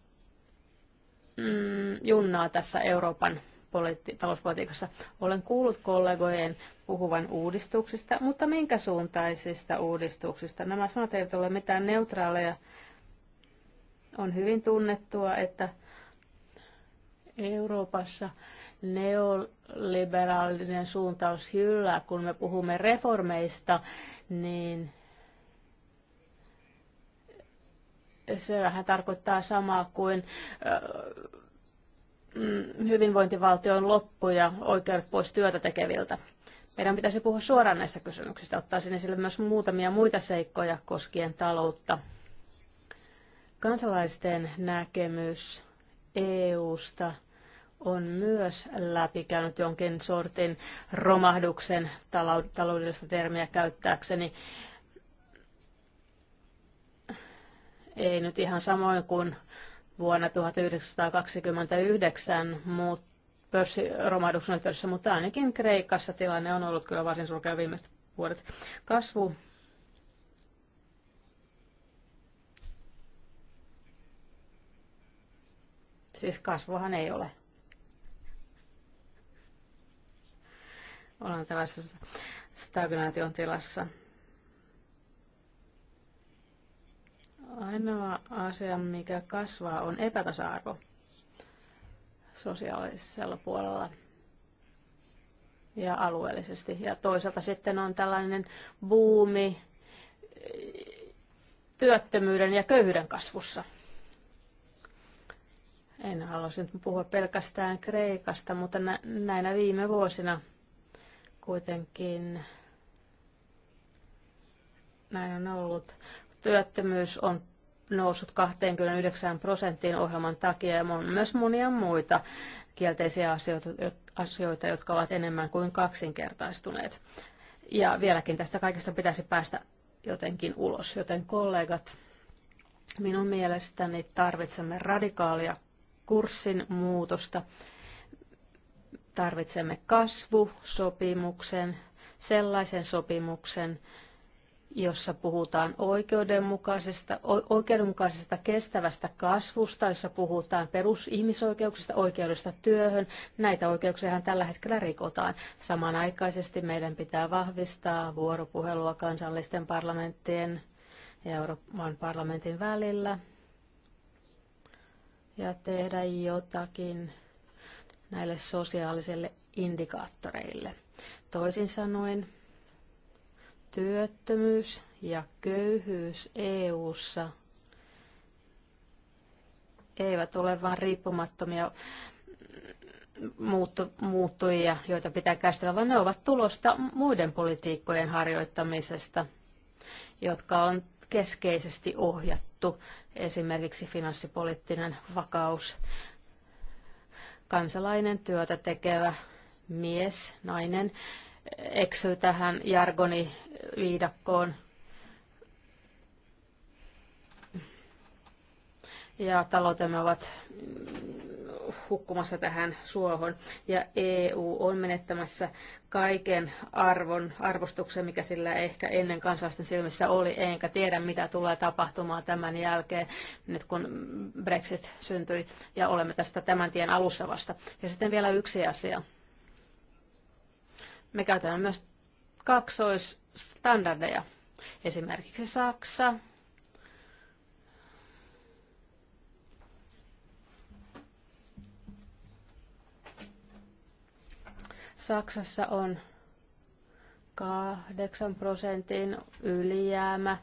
B: mm, junnaa tässä Euroopan politi- talouspolitiikassa. Olen kuullut kollegojen puhuvan uudistuksista, mutta minkä suuntaisista uudistuksista? Nämä sanat eivät ole mitään neutraaleja. On hyvin tunnettua, että Euroopassa neoliberaalinen suuntaus hyllää, kun me puhumme reformeista, niin se vähän tarkoittaa samaa kuin Mm, hyvinvointivaltion loppu ja oikeudet pois työtä tekeviltä. Meidän pitäisi puhua suoraan näistä kysymyksistä, ottaa sinne esille myös muutamia muita seikkoja koskien taloutta. Kansalaisten näkemys EUsta on myös läpikäynyt jonkin sortin romahduksen taloudellista termiä käyttääkseni. Ei nyt ihan samoin kuin vuonna 1929 muut pörssiromahduksen yhteydessä, mutta ainakin Kreikassa tilanne on ollut kyllä varsin surkea viimeiset vuodet. Kasvu Siis kasvuhan ei ole. Ollaan tällaisessa stagnaation tilassa. Ainoa asia, mikä kasvaa, on epätasa-arvo sosiaalisella puolella ja alueellisesti. Ja toisaalta sitten on tällainen buumi työttömyyden ja köyhyyden kasvussa. En halua nyt puhua pelkästään Kreikasta, mutta näinä viime vuosina kuitenkin näin on ollut. Työttömyys on noussut 29 prosenttiin ohjelman takia ja on myös monia muita kielteisiä asioita, asioita, jotka ovat enemmän kuin kaksinkertaistuneet. Ja vieläkin tästä kaikesta pitäisi päästä jotenkin ulos. Joten kollegat, minun mielestäni tarvitsemme radikaalia kurssin muutosta. Tarvitsemme kasvusopimuksen, sellaisen sopimuksen, jossa puhutaan oikeudenmukaisesta, oikeudenmukaisesta kestävästä kasvusta, jossa puhutaan perusihmisoikeuksista, oikeudesta työhön. Näitä oikeuksiahan tällä hetkellä rikotaan. Samanaikaisesti meidän pitää vahvistaa vuoropuhelua kansallisten parlamenttien ja Euroopan parlamentin välillä ja tehdä jotakin näille sosiaalisille indikaattoreille. Toisin sanoen, Työttömyys ja köyhyys EU:ssa eivät ole vain riippumattomia muuttu, muuttujia, joita pitää käsitellä, vaan ne ovat tulosta muiden politiikkojen harjoittamisesta, jotka on keskeisesti ohjattu, esimerkiksi finanssipoliittinen vakaus, kansalainen työtä tekevä mies, nainen, eksyy tähän jargoni viidakkoon. Ja taloutemme ovat hukkumassa tähän suohon. Ja EU on menettämässä kaiken arvon, arvostuksen, mikä sillä ehkä ennen kansalaisten silmissä oli, enkä tiedä mitä tulee tapahtumaan tämän jälkeen, nyt kun Brexit syntyi ja olemme tästä tämän tien alussa vasta. Ja sitten vielä yksi asia. Me käytämme myös kaksois standardeja. Esimerkiksi Saksa, Saksassa on 8 prosentin ylijäämä,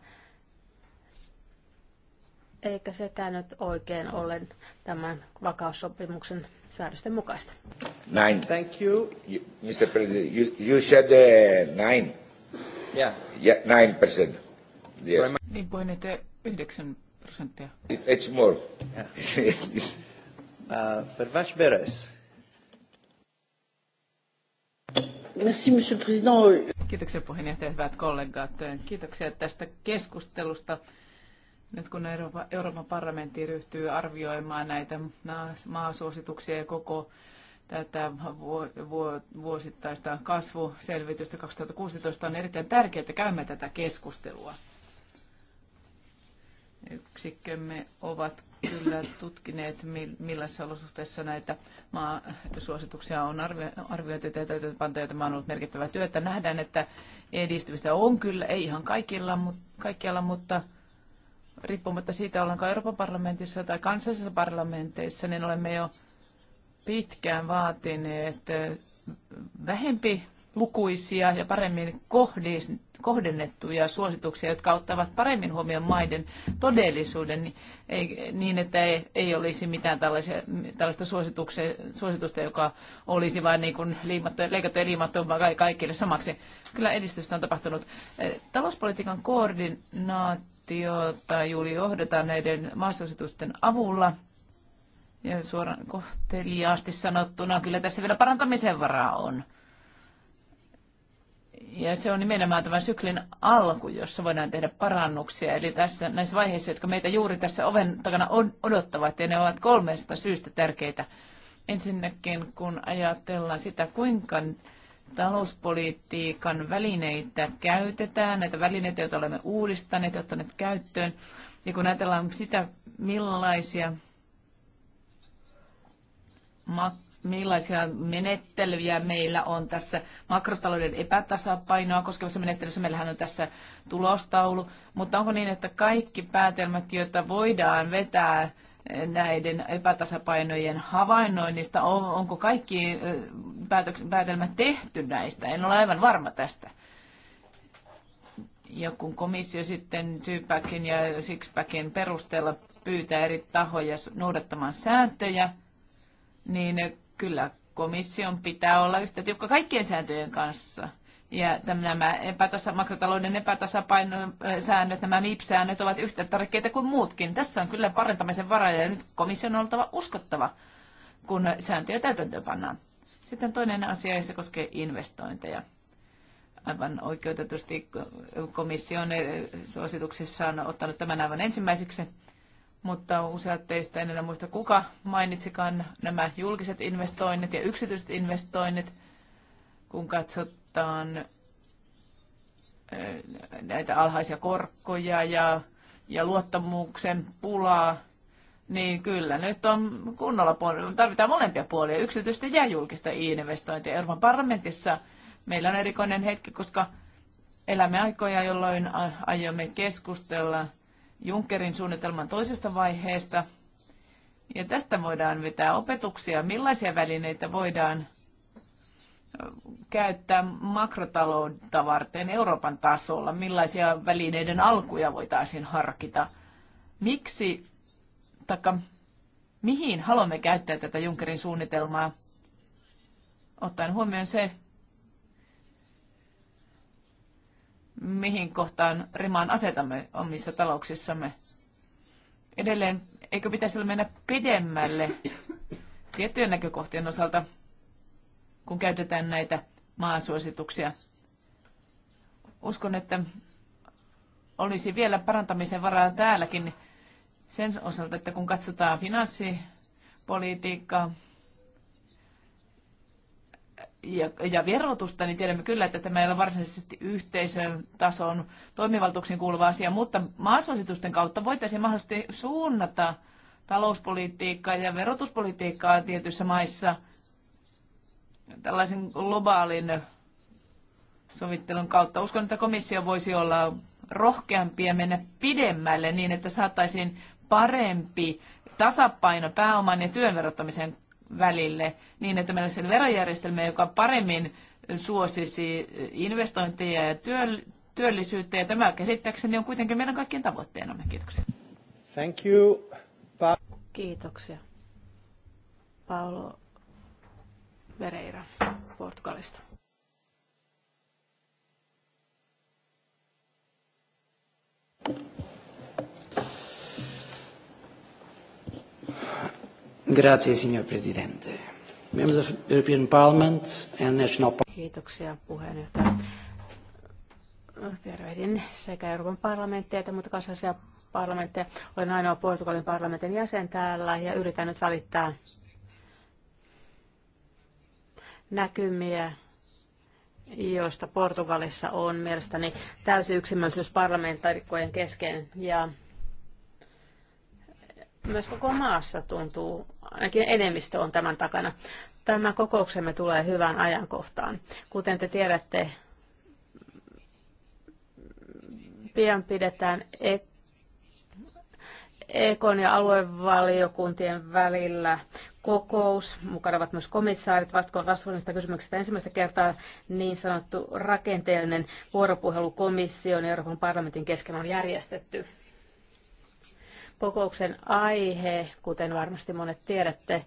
B: eikä sekään nyt oikein ole tämän vakaussopimuksen säädösten mukaista.
C: Nine. Thank you. you Mr. President, you, you said uh, nine. Yeah. Yeah, 9 percent. Yes. Niin 9 prosenttia. It's more. Yeah.
A: uh, Beres. Merci, monsieur le président.
C: Kiitoksia puheenjohtaja, hyvät kollegat. Kiitoksia tästä keskustelusta. Nyt kun Euroopan parlamentti ryhtyy arvioimaan näitä maasuosituksia ja koko tätä vuosittaista kasvuselvitystä 2016 on erittäin tärkeää, että käymme tätä keskustelua. Yksikkömme ovat kyllä tutkineet, millaisissa olosuhteissa näitä suosituksia on arvioitu ja täytäntöpantoja. Tämä on ollut merkittävä työ, että nähdään, että edistymistä on kyllä, ei ihan kaikilla, kaikkialla, mutta riippumatta siitä, ollaanko Euroopan parlamentissa tai kansallisissa parlamenteissa, niin olemme jo pitkään vaatineet vähempi lukuisia ja paremmin kohdennettuja suosituksia, jotka ottavat paremmin huomioon maiden todellisuuden niin, niin että ei, ei olisi mitään tällaisia, tällaista suositusta, joka olisi vain niin kuin liimattu, leikattu ja liimattu kaikille samaksi. Kyllä edistystä on tapahtunut. Talouspolitiikan koordinaatiota juuri johdetaan näiden maasuositusten avulla – ja suoraan kohteliaasti sanottuna kyllä tässä vielä parantamisen varaa on. Ja se on nimenomaan tämä syklin alku, jossa voidaan tehdä parannuksia. Eli tässä, näissä vaiheissa, jotka meitä juuri tässä oven takana odottavat, ja ne ovat kolmesta syystä tärkeitä. Ensinnäkin, kun ajatellaan sitä, kuinka talouspolitiikan välineitä käytetään, näitä välineitä, joita olemme uudistaneet ja ottaneet käyttöön, ja kun ajatellaan sitä, millaisia millaisia menettelyjä meillä on tässä makrotalouden epätasapainoa koskevassa menettelyssä. Meillähän on tässä tulostaulu, mutta onko niin, että kaikki päätelmät, joita voidaan vetää eh, näiden epätasapainojen havainnoinnista, onko kaikki eh, päätelmät tehty näistä? En ole aivan varma tästä. Ja kun komissio sitten Syypäkin ja Sixpackin perusteella pyytää eri tahoja noudattamaan sääntöjä, niin kyllä komission pitää olla yhtä tiukka kaikkien sääntöjen kanssa. Ja nämä epätasa, makrotalouden epätasapainon äh, säännöt, nämä MIP-säännöt ovat yhtä tärkeitä kuin muutkin. Tässä on kyllä parantamisen varaa ja nyt komission on oltava uskottava, kun sääntöjä täytäntöön pannaan. Sitten toinen asia, ja se koskee investointeja. Aivan oikeutetusti komission äh, suosituksissa on ottanut tämän aivan ensimmäiseksi mutta useat teistä en enää muista kuka mainitsikaan nämä julkiset investoinnit ja yksityiset investoinnit, kun katsotaan eh, näitä alhaisia korkkoja ja, ja luottamuksen pulaa, niin kyllä, nyt on kunnolla puolella. Tarvitaan molempia puolia, yksityistä ja julkista investointia. Euroopan parlamentissa meillä on erikoinen hetki, koska elämme aikoja, jolloin aiomme keskustella – Junckerin suunnitelman toisesta vaiheesta. Ja tästä voidaan vetää opetuksia, millaisia välineitä voidaan käyttää makrotaloutta varten Euroopan tasolla, millaisia välineiden alkuja voitaisiin harkita. Miksi, taikka mihin haluamme käyttää tätä Junckerin suunnitelmaa, ottaen huomioon se, mihin kohtaan rimaan asetamme omissa talouksissamme. Edelleen, eikö pitäisi mennä pidemmälle tiettyjen näkökohtien osalta, kun käytetään näitä maasuosituksia? Uskon, että olisi vielä parantamisen varaa täälläkin sen osalta, että kun katsotaan finanssipolitiikkaa, ja, ja verotusta, niin tiedämme kyllä, että tämä ei ole varsinaisesti yhteisön tason toimivaltuuksiin kuuluva asia, mutta maasuositusten kautta voitaisiin mahdollisesti suunnata talouspolitiikkaa ja verotuspolitiikkaa tietyissä maissa tällaisen globaalin sovittelun kautta. Uskon, että komissio voisi olla rohkeampi ja mennä pidemmälle niin, että saataisiin parempi tasapaino pääoman ja työn verottamisen välille niin, että meillä olisi verojärjestelmä, joka paremmin suosisi investointeja ja työllisyyttä. Ja tämä käsittääkseni on kuitenkin meidän kaikkien tavoitteena.
B: Kiitoksia. Thank you. Pa- Kiitoksia. Paolo Vereira Portugalista.
A: Grazie, signor Presidente. Members of European Parliament and National
B: Kiitoksia puheenjohtaja. Tervehdin sekä Euroopan parlamenttia että muuta kansallisia parlamentteja. Olen ainoa Portugalin parlamentin jäsen täällä ja yritän nyt välittää näkymiä, joista Portugalissa on mielestäni täysi yksimielisyys parlamentaarikkojen kesken. Ja myös koko maassa tuntuu, ainakin enemmistö on tämän takana. Tämä kokouksemme tulee hyvään ajankohtaan. Kuten te tiedätte, pian pidetään e- EKon ja aluevaliokuntien välillä kokous. Mukana ovat myös komissaarit vastuullisista kysymyksistä ensimmäistä kertaa niin sanottu rakenteellinen vuoropuhelu komission ja Euroopan parlamentin kesken on järjestetty. Kokouksen aihe, kuten varmasti monet tiedätte,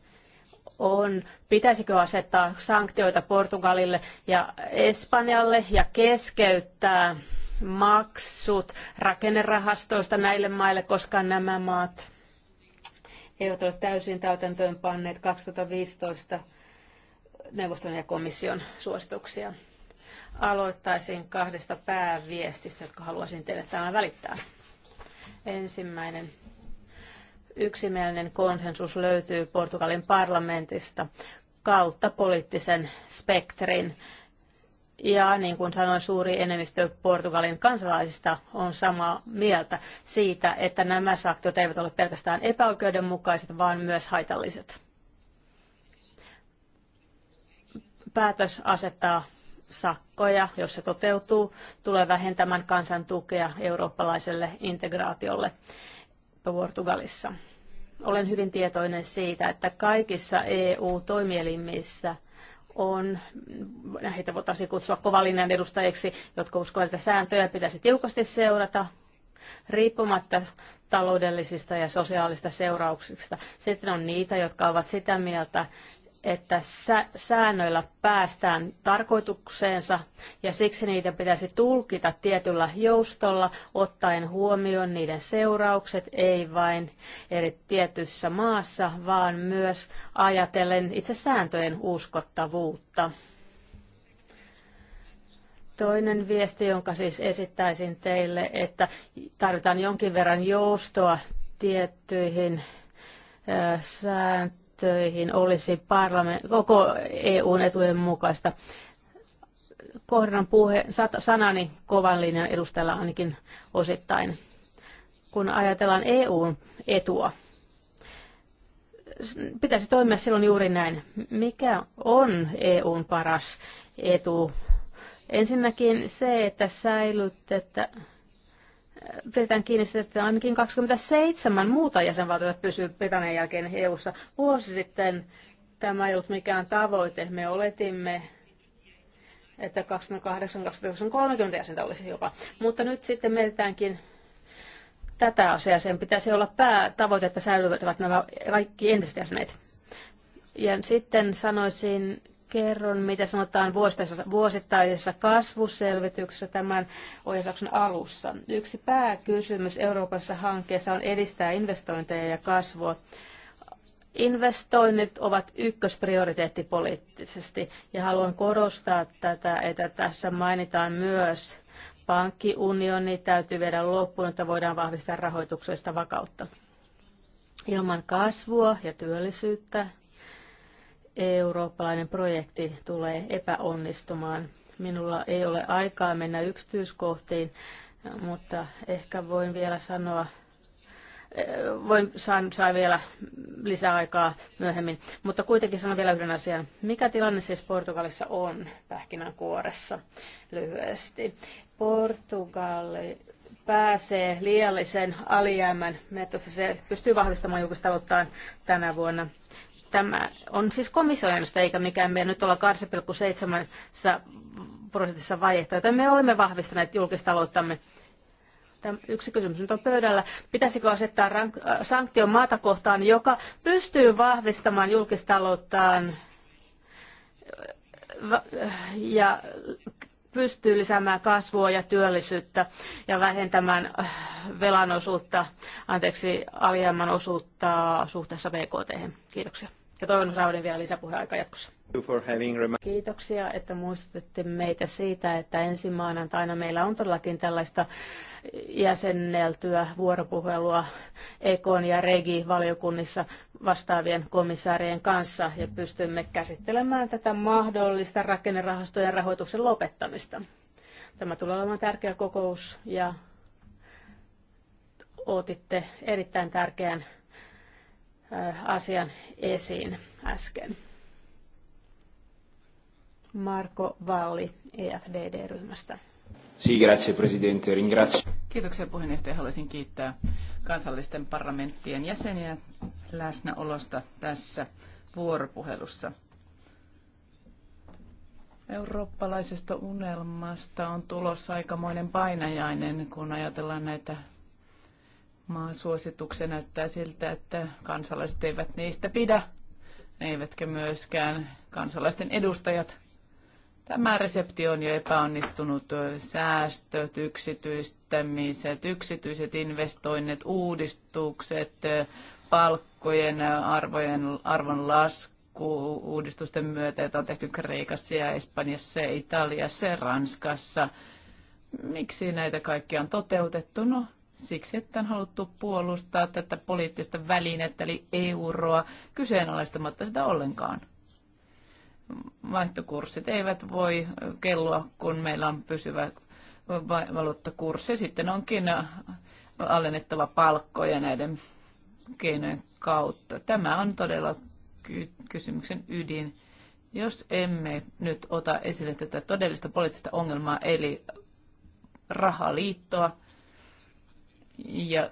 B: on, pitäisikö asettaa sanktioita Portugalille ja Espanjalle ja keskeyttää maksut rakennerahastoista näille maille, koska nämä maat eivät ole täysin täytäntöön panneet 2015 neuvoston ja komission suosituksia. Aloittaisin kahdesta pääviestistä, jotka haluaisin teille tämän välittää. Ensimmäinen yksimielinen konsensus löytyy Portugalin parlamentista kautta poliittisen spektrin. Ja niin kuin sanoin, suuri enemmistö Portugalin kansalaisista on samaa mieltä siitä, että nämä sanktiot eivät ole pelkästään epäoikeudenmukaiset, vaan myös haitalliset. Päätös asettaa sakkoja, jos se toteutuu, tulee vähentämään kansan tukea eurooppalaiselle integraatiolle Portugalissa. Olen hyvin tietoinen siitä, että kaikissa EU-toimielimissä on, heitä voitaisiin kutsua kovallinen edustajiksi, jotka uskovat, että sääntöjä pitäisi tiukasti seurata, riippumatta taloudellisista ja sosiaalista seurauksista. Sitten on niitä, jotka ovat sitä mieltä, että säännöillä päästään tarkoitukseensa ja siksi niitä pitäisi tulkita tietyllä joustolla ottaen huomioon niiden seuraukset, ei vain eri tietyssä maassa, vaan myös ajatellen itse sääntöjen uskottavuutta. Toinen viesti, jonka siis esittäisin teille, että tarvitaan jonkin verran joustoa tiettyihin sääntöihin töihin olisi parlament, koko EUn etujen mukaista. Kohdan puhe, sanani kovan linjan edustajalla ainakin osittain. Kun ajatellaan EUn etua, pitäisi toimia silloin juuri näin. Mikä on EUn paras etu? Ensinnäkin se, että säilytetään pidetään kiinni sitä, että ainakin 27 muuta jäsenvaltiota pysyy Britannian jälkeen EU-ssa. Vuosi sitten tämä ei ollut mikään tavoite. Me oletimme, että 28, 29, 30 jäsentä olisi jopa. Mutta nyt sitten mietitäänkin tätä asiaa. Sen pitäisi olla päätavoite, että säilyvät nämä kaikki entiset jäsenet. Ja sitten sanoisin kerron, mitä sanotaan vuosittaisessa kasvuselvityksessä tämän ohjausjakson alussa. Yksi pääkysymys Euroopassa hankkeessa on edistää investointeja ja kasvua. Investoinnit ovat ykkösprioriteetti poliittisesti ja haluan korostaa tätä, että tässä mainitaan myös pankkiunioni täytyy viedä loppuun, että voidaan vahvistaa rahoituksesta vakautta. Ilman kasvua ja työllisyyttä eurooppalainen projekti tulee epäonnistumaan. Minulla ei ole aikaa mennä yksityiskohtiin, mutta ehkä voin vielä sanoa, eh, voin, saan, saan vielä lisäaikaa myöhemmin. Mutta kuitenkin sanon vielä yhden asian. Mikä tilanne siis Portugalissa on pähkinänkuoressa lyhyesti? Portugali pääsee liiallisen alijäämän metossa. Se pystyy vahvistamaan julkistalouttaan tänä vuonna. Tämä on siis komission eikä mikään meidän nyt olla 8,7 prosentissa vajetta, joten me olemme vahvistaneet julkistalouttamme. Tämä yksi kysymys nyt on pöydällä. Pitäisikö asettaa rank- äh, sanktio maata kohtaan, joka pystyy vahvistamaan julkistalouttaan äh, äh, ja pystyy lisäämään kasvua ja työllisyyttä ja vähentämään velan osuutta, anteeksi, alijäämän osuutta suhteessa BKT. Kiitoksia. Ja toivon saavainen vielä lisäpuheaika jatkossa. Kiitoksia, että muistutitte meitä siitä, että ensi maanantaina meillä on todellakin tällaista jäsenneltyä vuoropuhelua Ekon ja Regi-valiokunnissa vastaavien komissaarien kanssa ja pystymme käsittelemään tätä mahdollista rakennerahastojen rahoituksen lopettamista. Tämä tulee olemaan tärkeä kokous ja otitte erittäin tärkeän Äh, asian esiin äsken. Marko Valli EFDD-ryhmästä.
C: Sì, grazie Presidente, ringrazio. Kiitoksia puheenjohtaja. Haluaisin kiittää kansallisten parlamenttien jäseniä läsnäolosta tässä vuoropuhelussa. Eurooppalaisesta unelmasta on tulossa aikamoinen painajainen, kun ajatellaan näitä maan suosituksen näyttää siltä, että kansalaiset eivät niistä pidä, eivätkä myöskään kansalaisten edustajat. Tämä resepti on jo epäonnistunut. Säästöt, yksityistämiset, yksityiset investoinnit, uudistukset, palkkojen arvojen, arvon lasku uudistusten myötä, joita on tehty Kreikassa ja Espanjassa ja Italiassa ja Ranskassa. Miksi näitä kaikkia on toteutettu? No, siksi, että on haluttu puolustaa tätä poliittista välinettä, eli euroa, kyseenalaistamatta sitä ollenkaan. Vaihtokurssit eivät voi kellua, kun meillä on pysyvä valuuttakurssi. Sitten onkin alennettava palkkoja näiden keinojen kautta. Tämä on todella kysymyksen ydin. Jos emme nyt ota esille tätä todellista poliittista ongelmaa, eli rahaliittoa, ja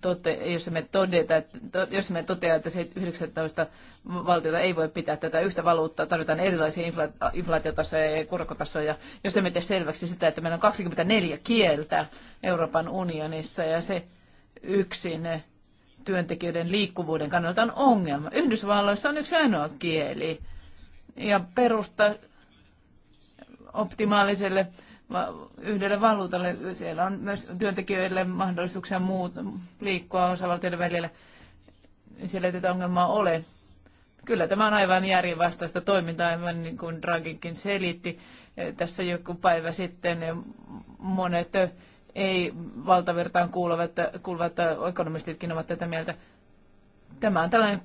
C: tote, jos me todeta, to, jos me toteaa, että 19 valtiota ei voi pitää tätä yhtä valuuttaa, tarvitaan erilaisia infla, inflaatiotasoja ja korkotasoja, jos emme tee selväksi sitä, että meillä on 24 kieltä Euroopan unionissa ja se yksin työntekijöiden liikkuvuuden kannalta on ongelma. Yhdysvalloissa on yksi ainoa kieli ja perusta optimaaliselle yhdelle valuutalle. Siellä on myös työntekijöille mahdollisuuksia muut, liikkua osavaltioiden välillä. Siellä ei tätä ongelmaa ole. Kyllä tämä on aivan järjenvastaista toimintaa, aivan niin kuin Draginkin selitti e, tässä joku päivä sitten. E, monet e, ei valtavirtaan kuuluvat, kuuluvat ekonomistitkin ovat tätä mieltä. Tämä on tällainen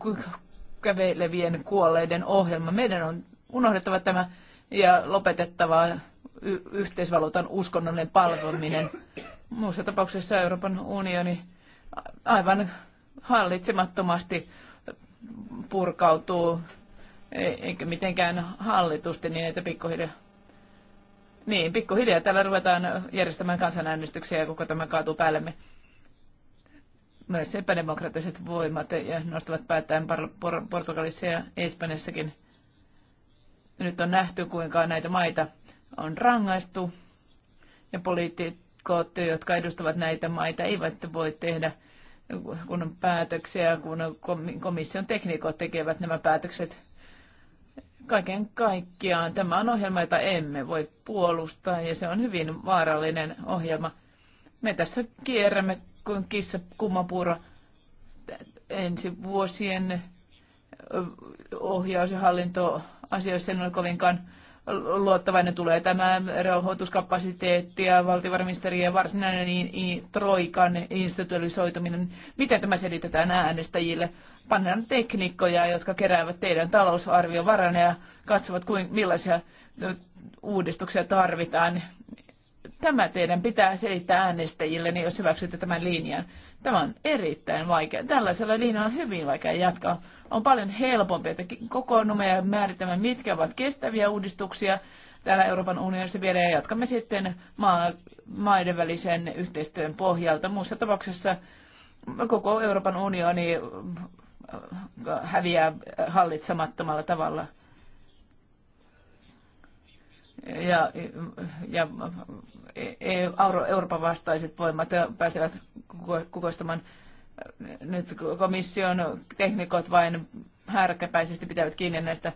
C: kävelevien kuolleiden ohjelma. Meidän on unohdettava tämä ja lopetettava y- yhteisvaluutan uskonnollinen palvominen. Muussa tapauksessa Euroopan unioni aivan hallitsemattomasti purkautuu, e- eikä mitenkään hallitusti niin, että pikkuhiljaa niin, pikkuhiljaa täällä ruvetaan järjestämään kansanäänestyksiä ja koko tämä kaatuu päällemme. Myös epädemokraattiset voimat ja nostavat päätään Portugalissa ja Espanjassakin. Nyt on nähty, kuinka näitä maita on rangaistu ja poliitikot, jotka edustavat näitä maita, eivät voi tehdä kun päätöksiä, kun komission tekniikot tekevät nämä päätökset. Kaiken kaikkiaan tämä on ohjelma, jota emme voi puolustaa ja se on hyvin vaarallinen ohjelma. Me tässä kierrämme kuin kissa kummapuura ensi vuosien ohjaus- ja hallintoasioissa en ole kovinkaan luottavainen tulee tämä rauhoituskapasiteetti ja valtiovarainministeri ja varsinainen i- troikan institutionalisoituminen. Miten tämä selitetään äänestäjille? Pannaan tekniikkoja, jotka keräävät teidän talousarvion varana ja katsovat, kuin, millaisia uudistuksia tarvitaan. Tämä teidän pitää selittää äänestäjille, niin jos hyväksytte tämän linjan. Tämä on erittäin vaikea. Tällaisella linjalla on hyvin vaikea jatkaa on paljon helpompi, että kokoonnumme ja määritämme, mitkä ovat kestäviä uudistuksia täällä Euroopan unionissa vielä ja jatkamme sitten maa, maiden välisen yhteistyön pohjalta. Muussa tapauksessa koko Euroopan unioni äh, häviää hallitsemattomalla tavalla. Ja, ja Euroopan vastaiset voimat pääsevät kukoistamaan nyt komission teknikot vain härkäpäisesti pitävät kiinni näistä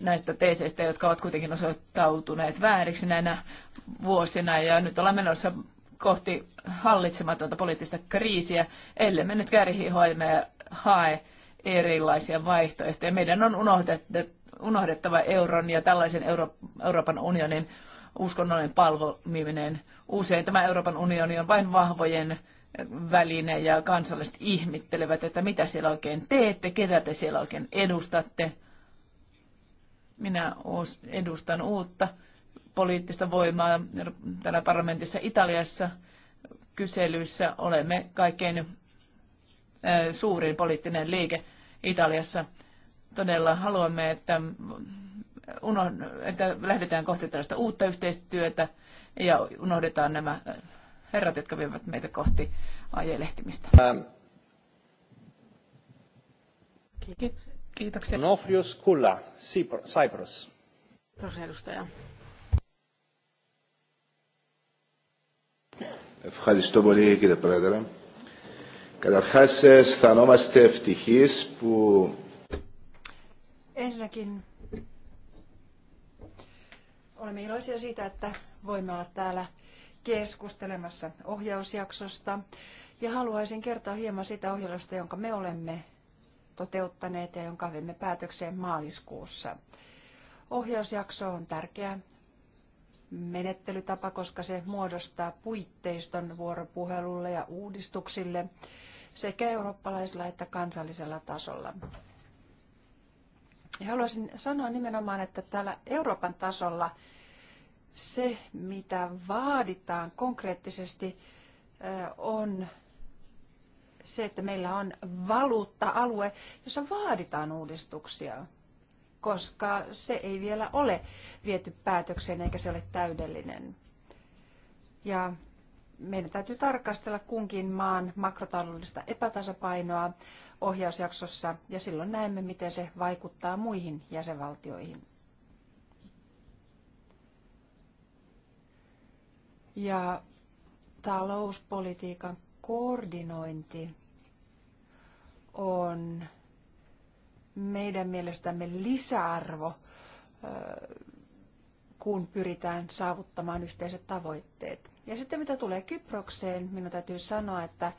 C: näistä teeseistä, jotka ovat kuitenkin osoittautuneet vääriksi näinä vuosina. Ja nyt ollaan menossa kohti hallitsematonta poliittista kriisiä, ellei me nyt kärjihoimme hae erilaisia vaihtoehtoja. Meidän on unohdettava euron ja tällaisen Euro- Euroopan unionin uskonnollinen palvominen. Usein tämä Euroopan unioni on vain vahvojen väline ja kansalaiset ihmittelevät, että mitä siellä oikein teette, ketä te siellä oikein edustatte. Minä edustan uutta poliittista voimaa täällä parlamentissa Italiassa. Kyselyissä olemme kaikkein suurin poliittinen liike Italiassa. Todella haluamme, että, unohd- että lähdetään kohti tällaista uutta yhteistyötä ja unohdetaan nämä herrat, jotka vievät meitä kohti
A: ajelehtimistä. Ähm. Kiitoksia. Kiitoksia. Nofrius Kulla, Cyprus.
B: Prosedustaja. Ευχαριστώ πολύ κύριε Πρόεδρε.
A: Καταρχάς αισθανόμαστε ευτυχείς που... Ensinnäkin olemme iloisia siitä, että voimme olla täällä keskustelemassa ohjausjaksosta ja haluaisin kertoa hieman sitä ohjelmasta, jonka me olemme toteuttaneet ja jonka vemme päätökseen maaliskuussa. Ohjausjakso on tärkeä menettelytapa, koska se muodostaa puitteiston vuoropuhelulle ja uudistuksille sekä eurooppalaisella että kansallisella tasolla. Ja haluaisin sanoa nimenomaan, että täällä Euroopan tasolla – se, mitä vaaditaan konkreettisesti, on se, että meillä on valuutta-alue, jossa vaaditaan uudistuksia, koska se ei vielä ole viety päätökseen eikä se ole täydellinen. Ja meidän täytyy tarkastella kunkin maan makrotaloudellista epätasapainoa ohjausjaksossa ja silloin näemme, miten se vaikuttaa muihin jäsenvaltioihin. ja talouspolitiikan koordinointi on meidän mielestämme lisäarvo, kun pyritään saavuttamaan yhteiset tavoitteet. Ja sitten mitä tulee Kyprokseen, minun täytyy sanoa, että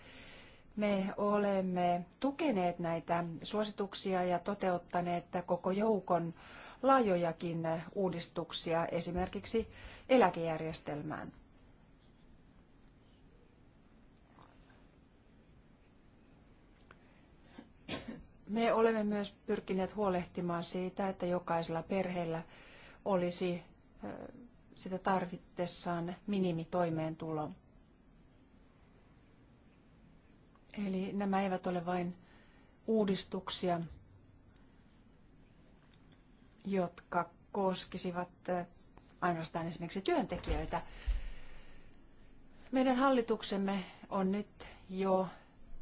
A: me olemme tukeneet näitä suosituksia ja toteuttaneet koko joukon laajojakin uudistuksia esimerkiksi eläkejärjestelmään. Me olemme myös pyrkineet huolehtimaan siitä, että jokaisella perheellä olisi sitä tarvittessaan minimitoimeentulo. Eli nämä eivät ole vain uudistuksia, jotka koskisivat ainoastaan esimerkiksi työntekijöitä. Meidän hallituksemme on nyt jo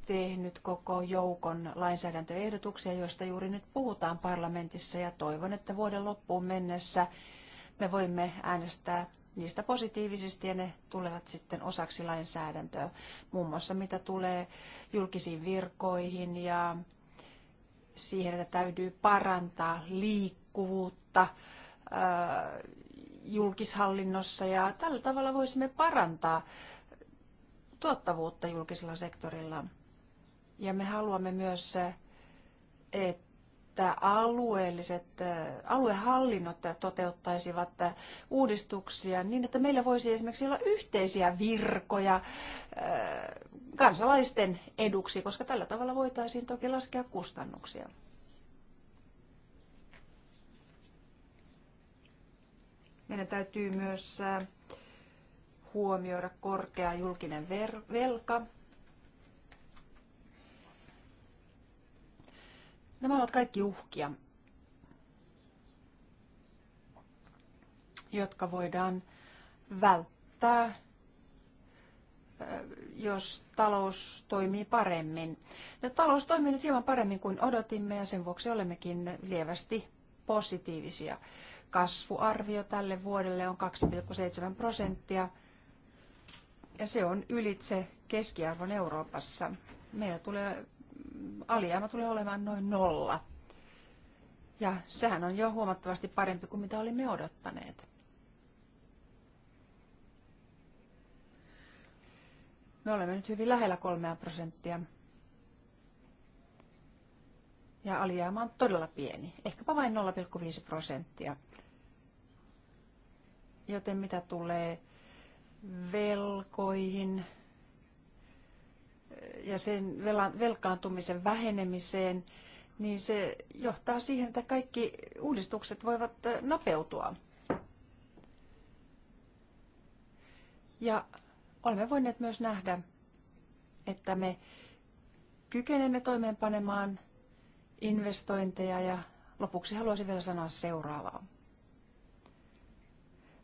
A: tehnyt koko joukon lainsäädäntöehdotuksia, joista juuri nyt puhutaan parlamentissa ja toivon, että vuoden loppuun mennessä me voimme äänestää niistä positiivisesti ja ne tulevat sitten osaksi lainsäädäntöä, muun muassa mitä tulee julkisiin virkoihin ja siihen, että täytyy parantaa liikkuvuutta äh, julkishallinnossa ja tällä tavalla voisimme parantaa tuottavuutta julkisella sektorilla. Ja me haluamme myös, että alueelliset, aluehallinnot toteuttaisivat uudistuksia niin, että meillä voisi esimerkiksi olla yhteisiä virkoja äh, kansalaisten eduksi, koska tällä tavalla voitaisiin toki laskea kustannuksia. Meidän täytyy myös äh, huomioida korkea julkinen velka Nämä ovat kaikki uhkia, jotka voidaan välttää, äh, jos talous toimii paremmin. Ja no, talous toimii nyt hieman paremmin kuin odotimme ja sen vuoksi olemmekin lievästi positiivisia. Kasvuarvio tälle vuodelle on 2,7 prosenttia ja se on ylitse keskiarvon Euroopassa. Meillä tulee alijäämä tulee olemaan noin nolla. Ja sehän on jo huomattavasti parempi kuin mitä olimme odottaneet. Me olemme nyt hyvin lähellä kolmea prosenttia. Ja alijäämä on todella pieni, ehkäpä vain 0,5 prosenttia. Joten mitä tulee velkoihin, ja sen velkaantumisen vähenemiseen, niin se johtaa siihen, että kaikki uudistukset voivat nopeutua. Ja olemme voineet myös nähdä, että me kykenemme toimeenpanemaan investointeja ja lopuksi haluaisin vielä sanoa seuraavaa.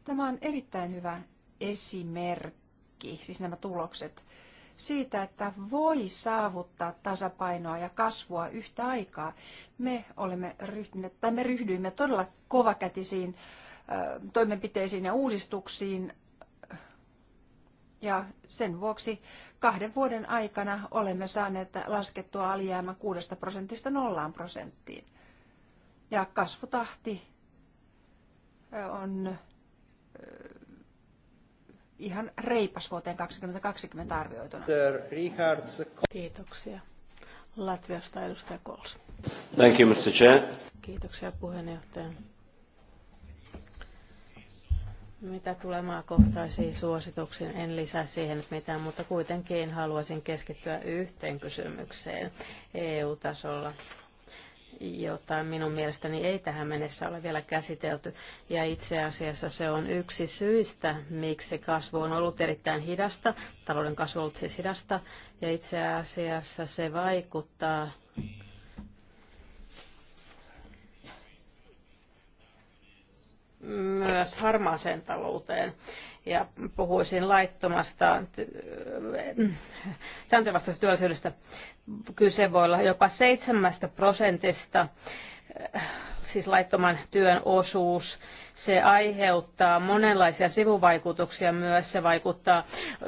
A: Tämä on erittäin hyvä esimerkki, siis nämä tulokset siitä, että voi saavuttaa tasapainoa ja kasvua yhtä aikaa. Me, olemme ryhtyneet, tai me ryhdyimme todella kovakätisiin toimenpiteisiin ja uudistuksiin ja sen vuoksi kahden vuoden aikana olemme saaneet laskettua alijäämä 6 prosentista nollaan prosenttiin. Ja kasvutahti on ihan reipas vuoteen 2020 arvioituna. Kiitoksia. Latviasta edustaja Kols. Thank you, Mr. Chair.
B: Kiitoksia puheenjohtaja. Mitä tulee maakohtaisiin suosituksiin, en lisää siihen mitään, mutta kuitenkin haluaisin keskittyä yhteen kysymykseen EU-tasolla jota minun mielestäni ei tähän mennessä ole vielä käsitelty. Ja itse asiassa se on yksi syistä, miksi kasvu on ollut erittäin hidasta, talouden kasvu on ollut siis hidasta, ja itse asiassa se vaikuttaa myös harmaaseen talouteen ja puhuisin laittomasta äh, sääntövastaisesta työllisyydestä. Kyse voi olla jopa seitsemästä prosentista, äh, siis laittoman työn osuus. Se aiheuttaa monenlaisia sivuvaikutuksia myös. Se vaikuttaa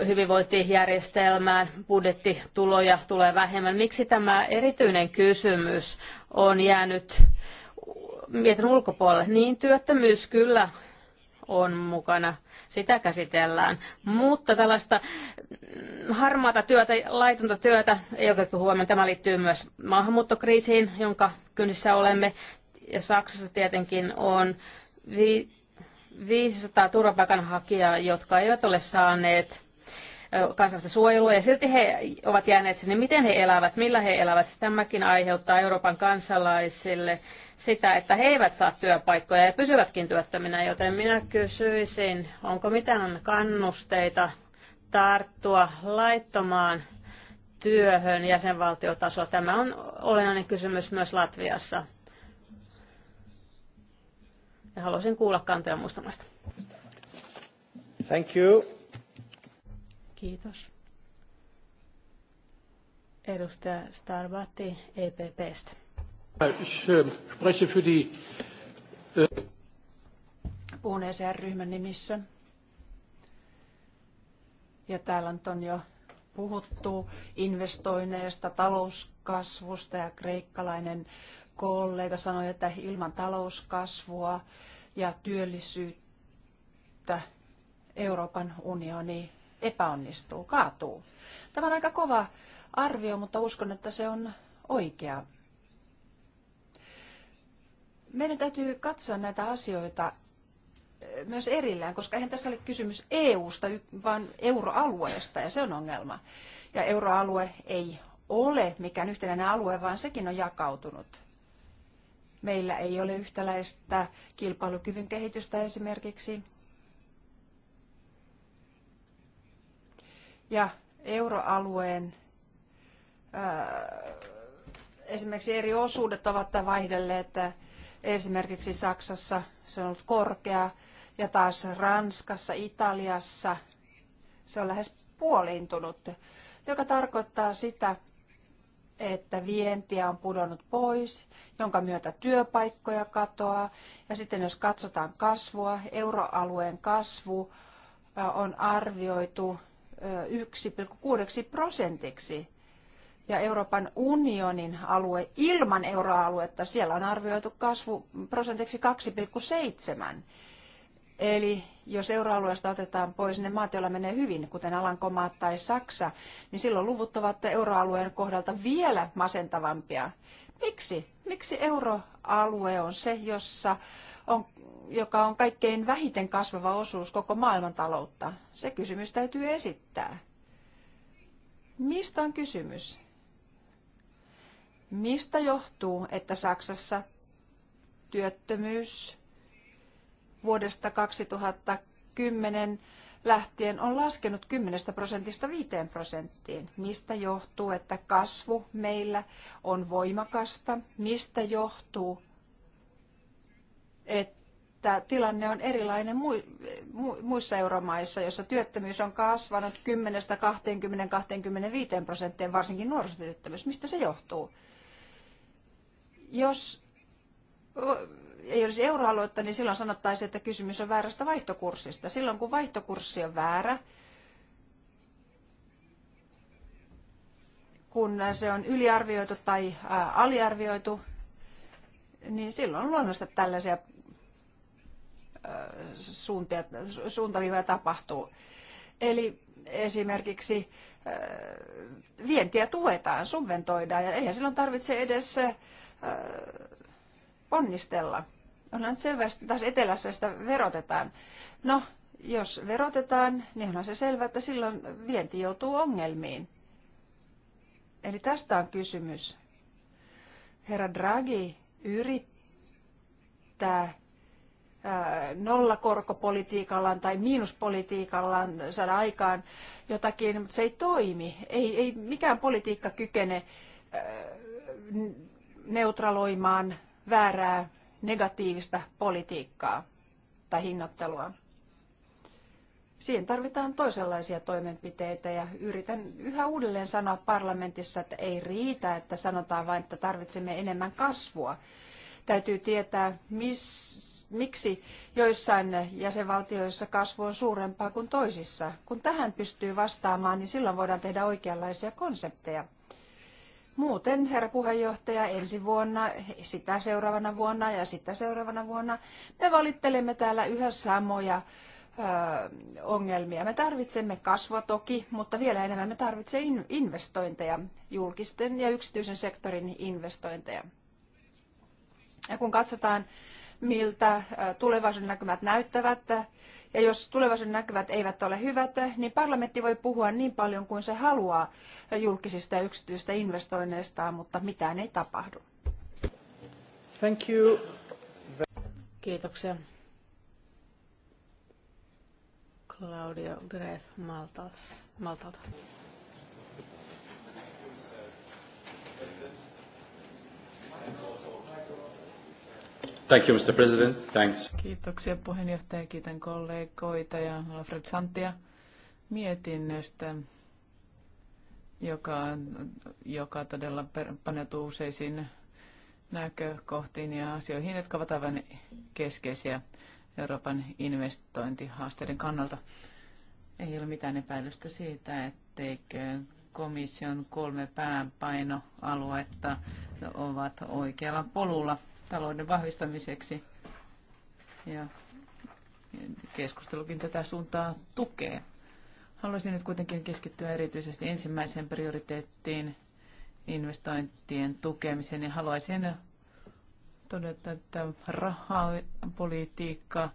B: hyvinvointijärjestelmään, budjettituloja tulee vähemmän. Miksi tämä erityinen kysymys on jäänyt mietin ulkopuolelle, niin työttömyys kyllä on mukana. Sitä käsitellään. Mutta tällaista harmaata työtä, laitonta työtä ei otettu huomioon. Tämä liittyy myös maahanmuuttokriisiin, jonka kynsissä olemme. Ja Saksassa tietenkin on 500 turvapaikanhakijaa, jotka eivät ole saaneet kansainvälistä suojelua ja silti he ovat jääneet sinne. Miten he elävät, millä he elävät, tämäkin aiheuttaa Euroopan kansalaisille sitä, että he eivät saa työpaikkoja ja pysyvätkin työttöminä, joten minä kysyisin, onko mitään kannusteita tarttua laittomaan työhön jäsenvaltiotaso. Tämä on olennainen kysymys myös Latviassa. Ja haluaisin kuulla kantoja muista maista. Thank you. Kiitos. Edustaja Starbatti EPPstä.
A: Äh, ich ähm, spreche für die... Äh, Puhun ECR-ryhmän nimissä. Ja täällä nyt on jo puhuttu investoinneista, talouskasvusta ja kreikkalainen kollega sanoi, että ilman talouskasvua ja työllisyyttä Euroopan unioni epäonnistuu, kaatuu. Tämä on aika kova arvio, mutta uskon, että se on oikea meidän täytyy katsoa näitä asioita eh, myös erillään, koska eihän tässä ole kysymys EU-sta, vaan euroalueesta, ja se on ongelma. Ja euroalue ei ole mikään yhtenäinen alue, vaan sekin on jakautunut. Meillä ei ole yhtäläistä kilpailukyvyn kehitystä esimerkiksi. Ja euroalueen ää, eh, esimerkiksi eri osuudet ovat vaihdelleet että eh, Esimerkiksi Saksassa se on ollut korkea ja taas Ranskassa, Italiassa se on lähes puoliintunut, joka tarkoittaa sitä, että vientiä on pudonnut pois, jonka myötä työpaikkoja katoaa. Ja sitten jos katsotaan kasvua, euroalueen kasvu äh, on arvioitu 1,6 äh, prosentiksi ja Euroopan unionin alue ilman euroaluetta, siellä on arvioitu kasvu prosentiksi 2,7. Eli jos euroalueesta otetaan pois ne maat, joilla menee hyvin, kuten Alankomaat tai Saksa, niin silloin luvut ovat euroalueen kohdalta vielä masentavampia. Miksi? Miksi euroalue on se, jossa on, joka on kaikkein vähiten kasvava osuus koko maailmantaloutta? Se kysymys täytyy esittää. Mistä on kysymys? Mistä johtuu, että Saksassa työttömyys vuodesta 2010 lähtien on laskenut 10 prosentista 5 prosenttiin. Mistä johtuu, että kasvu meillä on voimakasta? Mistä johtuu, että tilanne on erilainen muissa euromaissa, jossa työttömyys on kasvanut 10-20-25 prosenttiin, varsinkin nuorisotyöttömyys? Mistä se johtuu? Jos ei olisi euroaluetta, niin silloin sanottaisiin, että kysymys on väärästä vaihtokurssista. Silloin kun vaihtokurssi on väärä, kun se on yliarvioitu tai aliarvioitu, niin silloin on luonnollista tällaisia suuntia, suuntaviivoja tapahtuu. Eli esimerkiksi vientiä tuetaan, subventoidaan ja eihän silloin tarvitse edes ponnistella. Onhan selvä, että tässä etelässä sitä verotetaan. No, jos verotetaan, niin onhan se selvä, että silloin vienti joutuu ongelmiin. Eli tästä on kysymys. Herra Draghi yrittää nollakorkopolitiikallaan tai miinuspolitiikallaan saada aikaan jotakin, mutta se ei toimi. Ei, ei mikään politiikka kykene neutraloimaan väärää negatiivista politiikkaa tai hinnoittelua. Siihen tarvitaan toisenlaisia toimenpiteitä ja yritän yhä uudelleen sanoa parlamentissa, että ei riitä, että sanotaan vain, että tarvitsemme enemmän kasvua. Täytyy tietää, miss, miksi joissain jäsenvaltioissa kasvu on suurempaa kuin toisissa. Kun tähän pystyy vastaamaan, niin silloin voidaan tehdä oikeanlaisia konsepteja. Muuten, herra puheenjohtaja, ensi vuonna, sitä seuraavana vuonna ja sitä seuraavana vuonna me valittelemme täällä yhä samoja ö, ongelmia. Me tarvitsemme kasvua toki, mutta vielä enemmän me tarvitsemme investointeja, julkisten ja yksityisen sektorin investointeja. Ja kun katsotaan, miltä tulevaisuuden näkymät näyttävät ja jos tulevaisuuden näkyvät eivät ole hyvät, niin parlamentti voi puhua niin paljon kuin se haluaa julkisista ja yksityisistä investoinneista, mutta mitään ei tapahdu. Thank you. Kiitoksia. Maltalta. Thank you, Mr. President. Thanks.
C: Kiitoksia puheenjohtaja. Kiitän kollegoita ja Alfred Santia mietinnöstä, joka, joka todella paneutuu useisiin näkökohtiin ja asioihin, jotka ovat aivan keskeisiä Euroopan investointihaasteiden kannalta. Ei ole mitään epäilystä siitä, etteikö komission kolme pääpainoaluetta ovat oikealla polulla talouden vahvistamiseksi. Ja keskustelukin tätä suuntaa tukee. Haluaisin nyt kuitenkin keskittyä erityisesti ensimmäiseen prioriteettiin, investointien tukemiseen, ja haluaisin todeta, että rahapolitiikka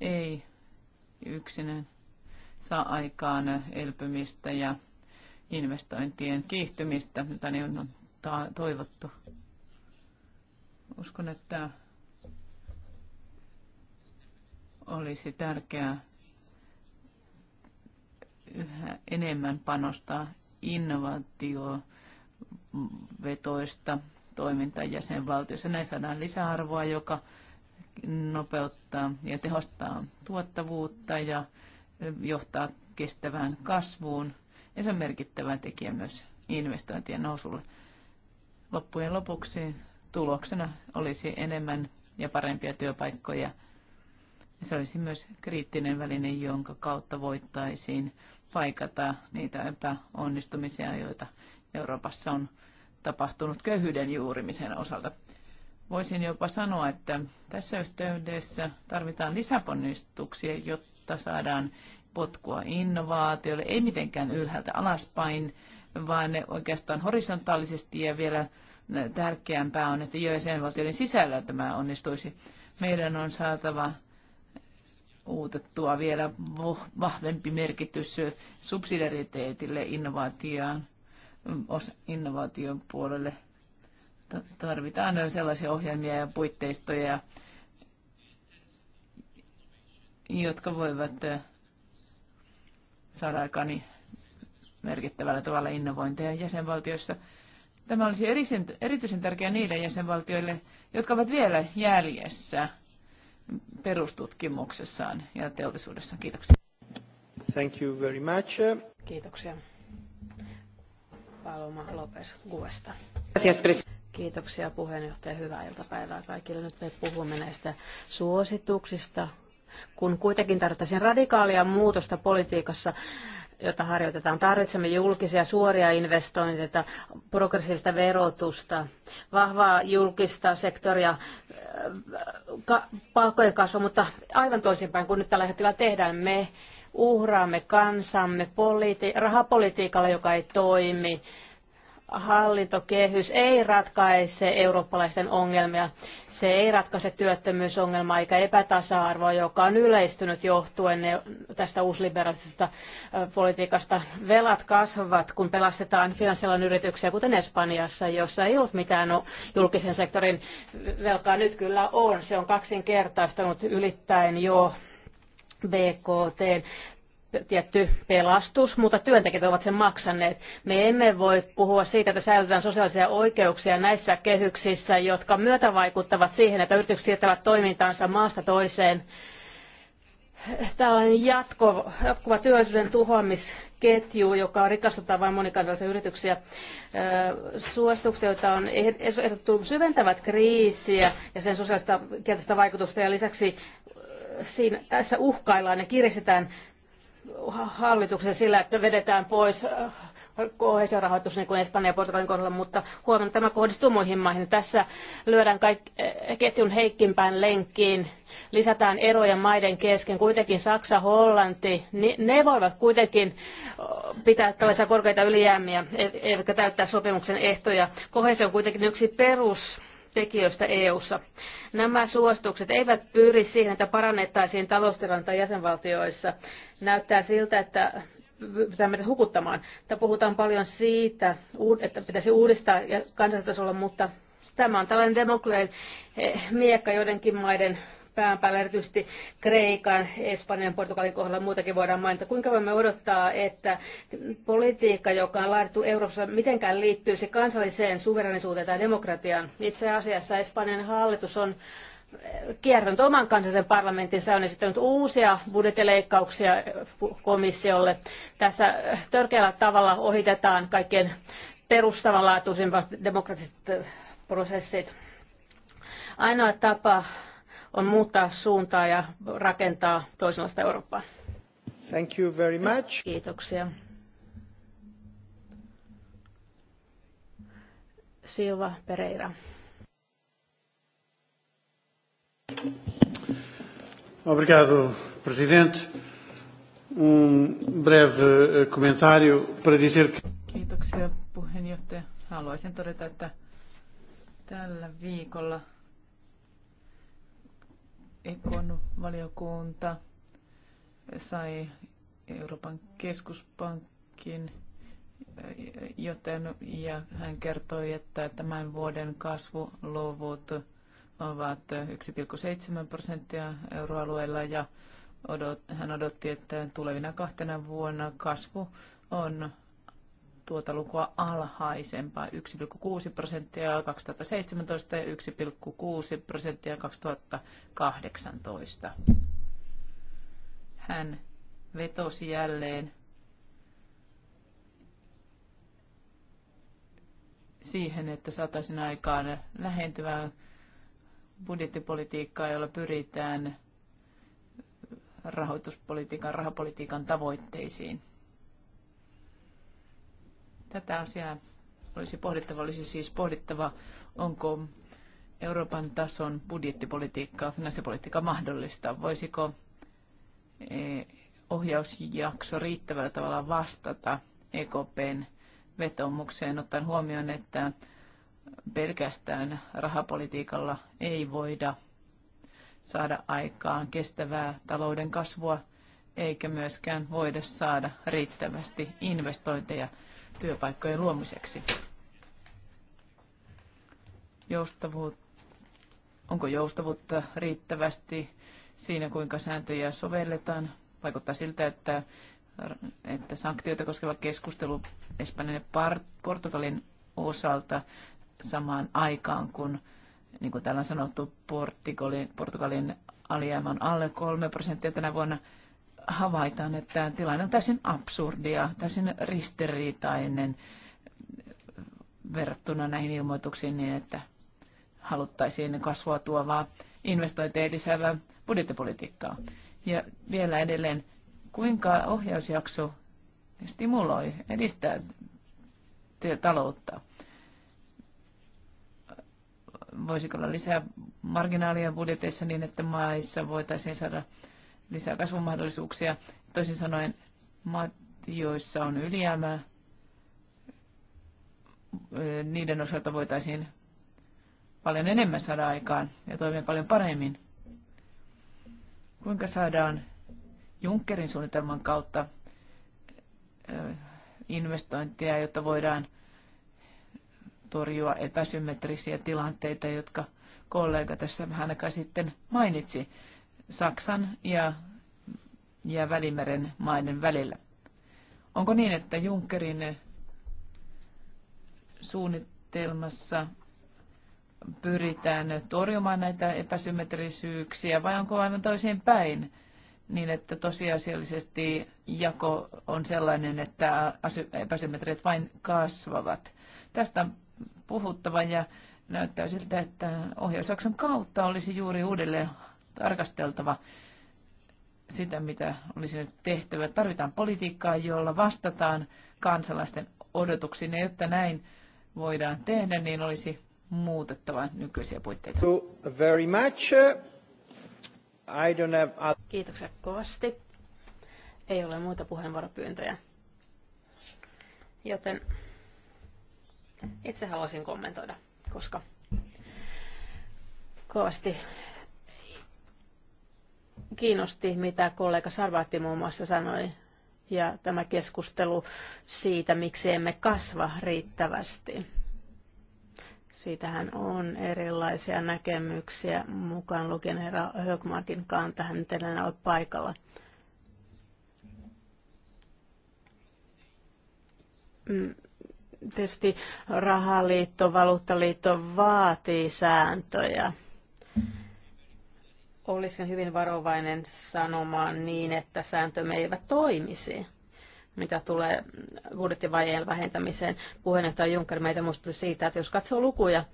C: ei yksinään saa aikaan elpymistä ja investointien kiihtymistä, mitä niin on toivottu. Uskon, että olisi tärkeää yhä enemmän panostaa innovaatiovetoista toimintaa jäsenvaltiossa. Näin saadaan lisäarvoa, joka nopeuttaa ja tehostaa tuottavuutta ja johtaa kestävään kasvuun. Ja se on merkittävä tekijä myös investointien nousulle. Loppujen lopuksi tuloksena olisi enemmän ja parempia työpaikkoja. Se olisi myös kriittinen väline, jonka kautta voittaisiin paikata niitä epäonnistumisia, joita Euroopassa on tapahtunut köyhyyden juurimisen osalta. Voisin jopa sanoa, että tässä yhteydessä tarvitaan lisäponnistuksia, jotta saadaan potkua innovaatiolle, ei mitenkään ylhäältä alaspäin, vaan oikeastaan horisontaalisesti ja vielä tärkeämpää on, että jäsenvaltioiden sisällä tämä onnistuisi. Meidän on saatava uutettua vielä vahvempi merkitys subsidiariteetille innovaatioon, innovaation puolelle. Tarvitaan sellaisia ohjelmia ja puitteistoja, jotka voivat saada aikaan merkittävällä tavalla innovointeja jäsenvaltioissa – Tämä olisi erityisen tärkeää niille jäsenvaltioille, jotka ovat vielä jäljessä perustutkimuksessaan ja teollisuudessaan. Kiitoksia.
B: Thank you very much. Kiitoksia. Paloma Lopes Guesta. Kiitoksia puheenjohtaja. Hyvää iltapäivää kaikille. Nyt me puhumme näistä suosituksista, kun kuitenkin tarvittaisiin radikaalia muutosta politiikassa jota harjoitetaan. Tarvitsemme julkisia suoria investointeja, progressiivista verotusta, vahvaa julkista sektoria, äh, ka- palkkojen kasvua, mutta aivan toisinpäin kuin nyt tällä hetkellä tehdään. Me uhraamme kansamme politi- rahapolitiikalla, joka ei toimi, hallintokehys ei ratkaise eurooppalaisten ongelmia. Se ei ratkaise työttömyysongelmaa eikä epätasa-arvoa, joka on yleistynyt johtuen tästä uusliberalistisesta politiikasta. Velat kasvavat, kun pelastetaan finanssialan yrityksiä, kuten Espanjassa, jossa ei ollut mitään julkisen sektorin velkaa. Nyt kyllä on. Se on kaksinkertaistanut ylittäen jo BKT tietty pelastus, mutta työntekijät ovat sen maksaneet. Me emme voi puhua siitä, että säilytetään sosiaalisia oikeuksia näissä kehyksissä, jotka myötävaikuttavat siihen, että yritykset siirtävät toimintaansa maasta toiseen. Tällainen jatko, jatkuva työllisyyden tuhoamisketju, joka rikastuttaa vain monikansallisia yrityksiä. Suositukset, joita on eh-, ehdotettu, syventävät kriisiä ja sen sosiaalista kielteistä vaikutusta ja lisäksi siinä, tässä uhkaillaan ja kiristetään hallituksen sillä, että vedetään pois äh, kohesiorahoitus niin kuin Espanjan ja Portugalin kohdalla, mutta huomenna tämä kohdistuu muihin maihin. Tässä lyödään kaikki, äh, ketjun heikkimpään lenkkiin, lisätään eroja maiden kesken. Kuitenkin Saksa, Hollanti, ne voivat kuitenkin äh, pitää tällaisia korkeita ylijäämiä, e- eivätkä täyttää sopimuksen ehtoja. Kohesio on kuitenkin yksi perus tekijöistä EU:ssa. Nämä suositukset eivät pyri siihen, että parannettaisiin taloustilannetta jäsenvaltioissa. Näyttää siltä, että pitää meidät hukuttamaan. Tämä puhutaan paljon siitä, että pitäisi uudistaa kansallistasolla, mutta tämä on tällainen demokleen eh, miekka joidenkin maiden pään päällä, erityisesti Kreikan, Espanjan, Portugalin kohdalla muutakin voidaan mainita. Kuinka voimme odottaa, että politiikka, joka on laadittu Euroopassa, mitenkään liittyy se kansalliseen suverenisuuteen tai demokratiaan? Itse asiassa Espanjan hallitus on kiertänyt oman kansallisen parlamentinsa on esittänyt uusia budjettileikkauksia komissiolle. Tässä törkeällä tavalla ohitetaan kaikkien perustavanlaatuisimmat demokratiset prosessit. Ainoa tapa on muuttaa suuntaa ja rakentaa toisenlaista Eurooppaa. Thank you very much. Kiitoksia. Silva Pereira.
A: Obrigado, presidente.
B: Um breve eh, comentário para dizer que...
C: Kiitoksia, puheenjohtaja. Haluaisin todeta, että tällä viikolla Ekon valiokunta sai Euroopan keskuspankin joten, ja hän kertoi, että tämän vuoden kasvuluvut ovat 1,7 prosenttia euroalueella ja odot, hän odotti, että tulevina kahtena vuonna kasvu on tuota lukua alhaisempaa, 1,6 prosenttia 2017 ja 1,6 prosenttia 2018. Hän vetosi jälleen siihen, että saataisiin aikaan lähentyvää budjettipolitiikkaa, jolla pyritään rahoituspolitiikan, rahapolitiikan tavoitteisiin. Tätä asiaa olisi pohdittava, olisi siis pohdittava, onko Euroopan tason budjettipolitiikka, finanssipolitiikka mahdollista. Voisiko e, ohjausjakso riittävällä tavalla vastata EKPn vetomukseen, ottaen huomioon, että pelkästään rahapolitiikalla ei voida saada aikaan kestävää talouden kasvua, eikä myöskään voida saada riittävästi investointeja työpaikkojen luomiseksi? Joustavuut, onko joustavuutta riittävästi siinä, kuinka sääntöjä sovelletaan? Vaikuttaa siltä, että, että sanktioita koskeva keskustelu Espanjan ja Portugalin osalta samaan aikaan, kun niin kuin täällä on sanottu, Portugalin, Portugalin alijäämä on alle 3 prosenttia tänä vuonna – havaitaan, että tilanne on täysin absurdia, täysin ristiriitainen verrattuna näihin ilmoituksiin niin, että haluttaisiin kasvua tuovaa investointeja lisäävää budjettipolitiikkaa. Ja vielä edelleen, kuinka ohjausjakso stimuloi, edistää taloutta? Voisiko olla lisää marginaalia budjeteissa niin, että maissa voitaisiin saada lisää kasvumahdollisuuksia. Toisin sanoen maat, joissa on ylijäämää, niiden osalta voitaisiin paljon enemmän saada aikaan ja toimia paljon paremmin. Kuinka saadaan Junckerin suunnitelman kautta investointia, jotta voidaan torjua epäsymmetrisiä tilanteita, jotka kollega tässä vähän aikaa sitten mainitsi. Saksan ja, ja Välimeren maiden välillä. Onko niin, että Junckerin suunnitelmassa pyritään torjumaan näitä epäsymmetrisyyksiä vai onko aivan toiseen päin? niin että tosiasiallisesti jako on sellainen, että epäsymmetriat vain kasvavat. Tästä on puhuttava ja näyttää siltä, että ohjausakson kautta olisi juuri uudelleen tarkasteltava sitä, mitä olisi nyt tehtävä. Tarvitaan politiikkaa, jolla vastataan kansalaisten odotuksiin, ja jotta näin voidaan tehdä, niin olisi muutettava nykyisiä puitteita. Very much.
B: I don't have Kiitoksia kovasti. Ei ole muuta puheenvuoropyyntöjä. Joten itse haluaisin kommentoida, koska kovasti kiinnosti, mitä kollega Sarvaatti muun muassa sanoi, ja tämä keskustelu siitä, miksi emme kasva riittävästi. Siitähän on erilaisia näkemyksiä, mukaan lukien herra Högmarkin kanta, hän nyt enää ole paikalla. Mm, tietysti rahaliitto, valuuttaliitto vaatii sääntöjä olisin hyvin varovainen sanomaan niin, että sääntömme eivät toimisi mitä tulee budjettivajeen vähentämiseen. Puheenjohtaja Juncker meitä muistutti siitä, että jos katsoo lukuja,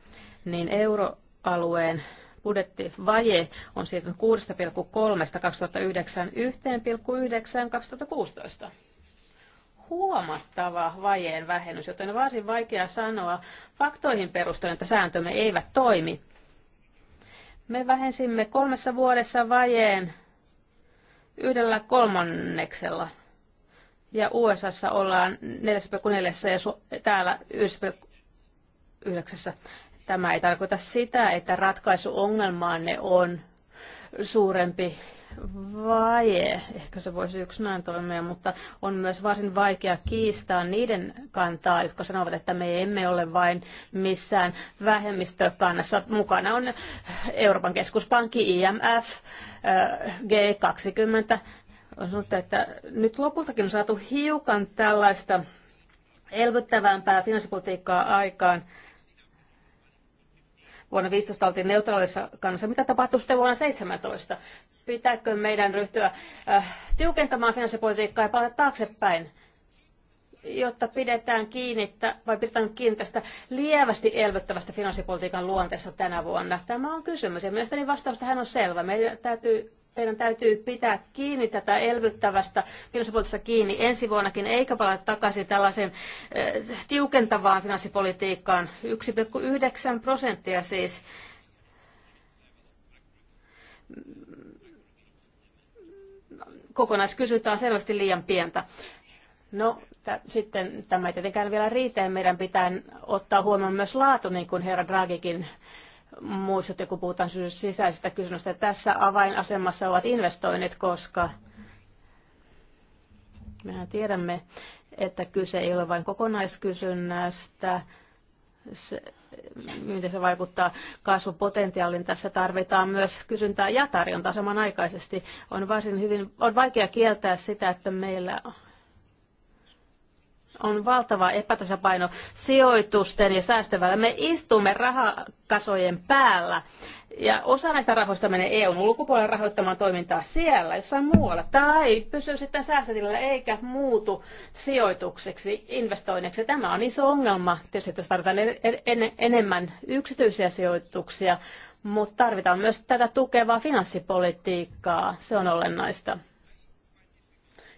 B: niin euroalueen budjettivaje on siirtynyt 6,3 2009 1,9 2016. Huomattava vajeen vähennys, joten on varsin vaikea sanoa faktoihin perustuen, että sääntömme eivät toimi. Me vähensimme kolmessa vuodessa vajeen yhdellä kolmanneksella. Ja USAssa ollaan 4,4 ja täällä 1,9. Tämä ei tarkoita sitä, että ratkaisu ongelmaanne on suurempi vaje, ehkä se voisi näin toimia, mutta on myös varsin vaikea kiistää niiden kantaa, jotka sanovat, että me emme ole vain missään vähemmistökannassa. Mukana on Euroopan keskuspankki, IMF, G20. On sanottu, että nyt lopultakin on saatu hiukan tällaista elvyttävämpää finanssipolitiikkaa aikaan Vuonna 15 oltiin neutraalissa kannassa. Mitä tapahtui sitten vuonna 17? Pitääkö meidän ryhtyä äh, tiukentamaan finanssipolitiikkaa ja palata taaksepäin? jotta pidetään kiinni, vai pidetään kiinni tästä lievästi elvyttävästä finanssipolitiikan luonteesta tänä vuonna? Tämä on kysymys, ja mielestäni vastaus tähän on selvä. Meidän täytyy meidän täytyy pitää kiinni tätä elvyttävästä finanssipolitiikasta kiinni ensi vuonnakin, eikä palata takaisin tällaisen äh, eh, tiukentavaan finanssipolitiikkaan. 1,9 prosenttia siis. Kokonaiskysyntä on selvästi liian pientä. No, sitten tämä ei tietenkään vielä riitä meidän pitää ottaa huomioon myös laatu, niin kuin herra Draghikin muistutti, kun puhutaan sisäisistä kysymyksistä. Tässä avainasemassa ovat investoinnit, koska mehän tiedämme, että kyse ei ole vain kokonaiskysynnästä, se, miten se vaikuttaa kasvupotentiaaliin. Tässä tarvitaan myös kysyntää ja tarjontaa samanaikaisesti. On, varsin hyvin, on vaikea kieltää sitä, että meillä on valtava epätasapaino sijoitusten ja säästön välillä. Me istumme rahakasojen päällä ja osa näistä rahoista menee EUn ulkopuolelle rahoittamaan toimintaa siellä, jossain muualla, tai pysyy sitten säästötilillä eikä muutu sijoitukseksi, investoinneksi. Tämä on iso ongelma. Tietysti tässä tarvitaan en enemmän yksityisiä sijoituksia, mutta tarvitaan myös tätä tukevaa finanssipolitiikkaa. Se on olennaista.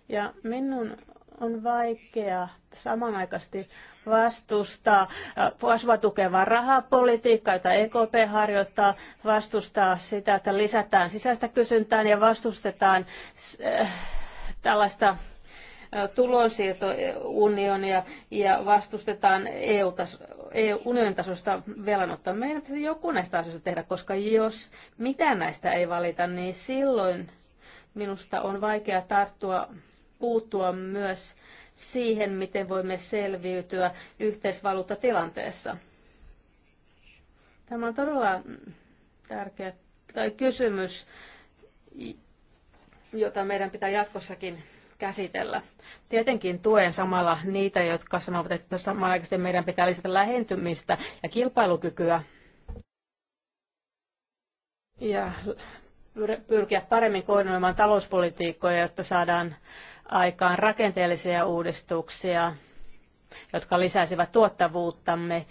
B: Ja minun on vaikea samanaikaisesti vastustaa kasvua äh, tukevaa rahapolitiikkaa, jota EKP harjoittaa, vastustaa sitä, että lisätään sisäistä kysyntää ja vastustetaan äh, tällaista äh, tulonsiirtounionia ja vastustetaan EU-unionin e tasosta velanottoa. Meidän pitäisi joku näistä asioista tehdä, koska jos mitään näistä ei valita, niin silloin minusta on vaikea tarttua puuttua myös siihen, miten voimme selviytyä yhteisvaluuttatilanteessa. Tämä on todella tärkeä tai kysymys, jota meidän pitää jatkossakin käsitellä. Tietenkin tuen samalla niitä, jotka sanovat, että samanaikaisesti meidän pitää lisätä lähentymistä ja kilpailukykyä ja pyrkiä paremmin koordinoimaan talouspolitiikkoja, jotta saadaan aikaan rakenteellisia uudistuksia, jotka lisäisivät tuottavuuttamme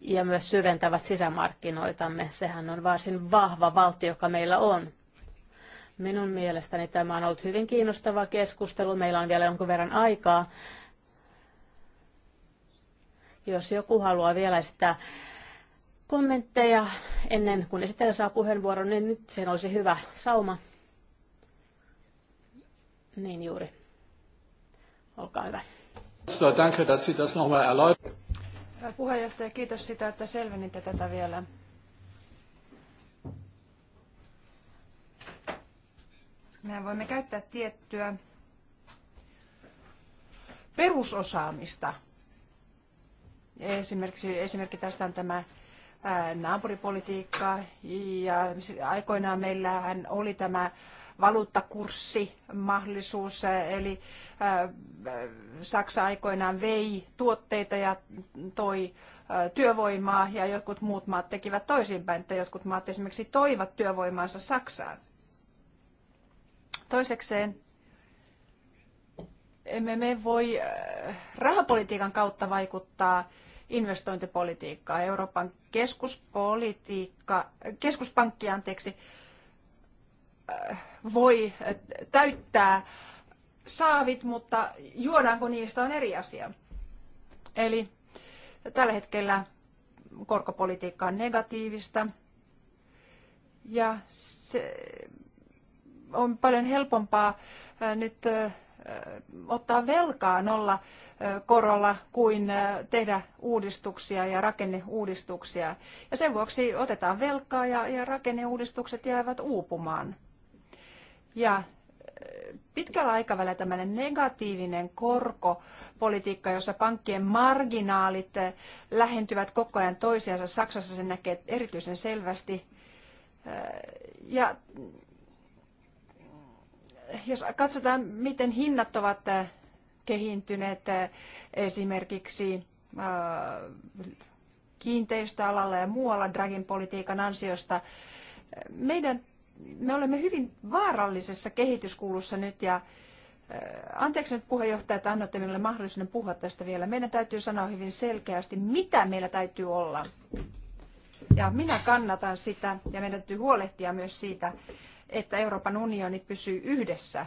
B: ja myös syventävät sisämarkkinoitamme. Sehän on varsin vahva valtio, joka meillä on. Minun mielestäni tämä on ollut hyvin kiinnostava keskustelu. Meillä on vielä jonkun verran aikaa. Jos joku haluaa vielä sitä kommentteja ennen kuin esittelijä saa puheenvuoron, niin nyt sen olisi hyvä sauma. Niin juuri.
A: Olkaa hyvä. Hyvä puheenjohtaja, kiitos sitä, että selvenitte tätä vielä. Mehän voimme käyttää tiettyä perusosaamista. Esimerkiksi, esimerkki tästä on tämä naapuripolitiikkaa ja aikoinaan meillähän oli tämä valuuttakurssimahdollisuus, eli Saksa aikoinaan vei tuotteita ja toi työvoimaa ja jotkut muut maat tekivät toisinpäin, että jotkut maat esimerkiksi toivat työvoimaansa Saksaan. Toisekseen emme me voi rahapolitiikan kautta vaikuttaa investointipolitiikkaa. Euroopan keskuspolitiikka, keskuspankki anteeksi, äh, voi äh, täyttää saavit, mutta juodaanko niistä on eri asia. Eli tällä hetkellä korkopolitiikka on negatiivista ja se on paljon helpompaa äh, nyt ottaa velkaa nolla korolla kuin tehdä uudistuksia ja rakenneuudistuksia. Ja sen vuoksi otetaan velkaa ja, ja rakenneuudistukset jäävät uupumaan. Ja pitkällä aikavälillä tämmöinen negatiivinen korkopolitiikka, jossa pankkien marginaalit lähentyvät koko ajan toisiansa. Saksassa sen näkee erityisen selvästi. Ja jos katsotaan, miten hinnat ovat äh, kehintyneet äh, esimerkiksi äh, kiinteistöalalla ja muualla Dragin politiikan ansiosta, meidän, me olemme hyvin vaarallisessa kehityskulussa nyt ja Anteeksi nyt puheenjohtaja, että annoitte minulle mahdollisuuden puhua tästä vielä. Meidän täytyy sanoa hyvin selkeästi, mitä meillä täytyy olla. Ja minä kannatan sitä ja meidän täytyy huolehtia myös siitä, että Euroopan unioni pysyy yhdessä,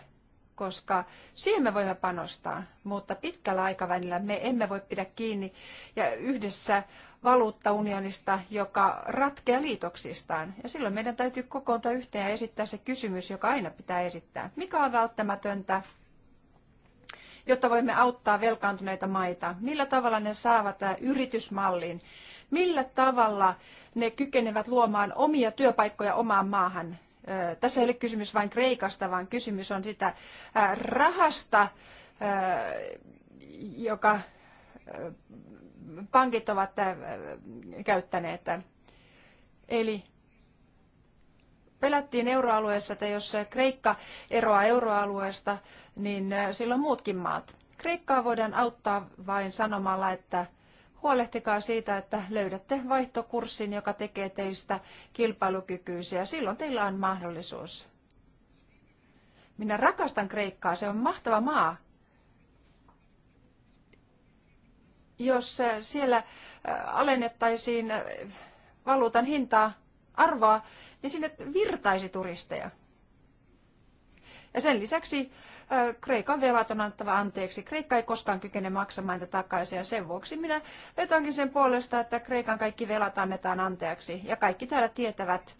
A: koska siihen me voimme panostaa, mutta pitkällä aikavälillä me emme voi pidä kiinni ja yhdessä valuuttaunionista, joka ratkeaa liitoksistaan. Ja silloin meidän täytyy kokoontua yhteen ja esittää se kysymys, joka aina pitää esittää. Mikä on välttämätöntä, jotta voimme auttaa velkaantuneita maita? Millä tavalla ne saavat yritysmallin? Millä tavalla ne kykenevät luomaan omia työpaikkoja omaan maahan? Tässä ei ole kysymys vain Kreikasta, vaan kysymys on sitä rahasta, joka pankit ovat käyttäneet. Eli pelättiin euroalueessa, että jos Kreikka eroaa euroalueesta, niin silloin muutkin maat. Kreikkaa voidaan auttaa vain sanomalla, että huolehtikaa siitä, että löydätte vaihtokurssin, joka tekee teistä kilpailukykyisiä. Silloin teillä on mahdollisuus. Minä rakastan Kreikkaa, se on mahtava maa. Jos äh, siellä äh, alennettaisiin äh, valuutan hintaa, arvoa, niin sinne virtaisi turisteja. Ja sen lisäksi Kreikan velat on annettava anteeksi. Kreikka ei koskaan kykene maksamaan niitä takaisin ja sen vuoksi minä vetoankin sen puolesta, että Kreikan kaikki velat annetaan anteeksi. Ja kaikki täällä tietävät,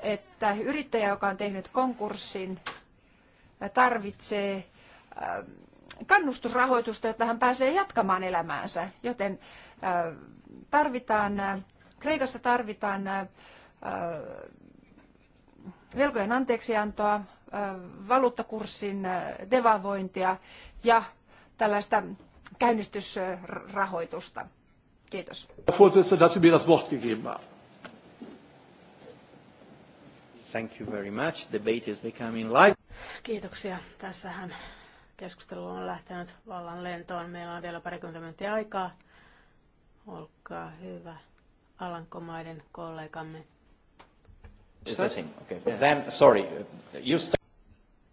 A: että yrittäjä, joka on tehnyt konkurssin, tarvitsee kannustusrahoitusta, jotta hän pääsee jatkamaan elämäänsä. Joten tarvitaan, Kreikassa tarvitaan velkojen anteeksiantoa, valuuttakurssin devalvointia ja tällaista käynnistysrahoitusta. Kiitos.
B: Thank you very much. Debate is becoming live. Kiitoksia. Tässähän keskustelu on lähtenyt vallan lentoon. Meillä on vielä parikymmentä minuuttia aikaa. Olkaa hyvä Alankomaiden kollegamme.
A: Okay. Yeah. Then, sorry, you start.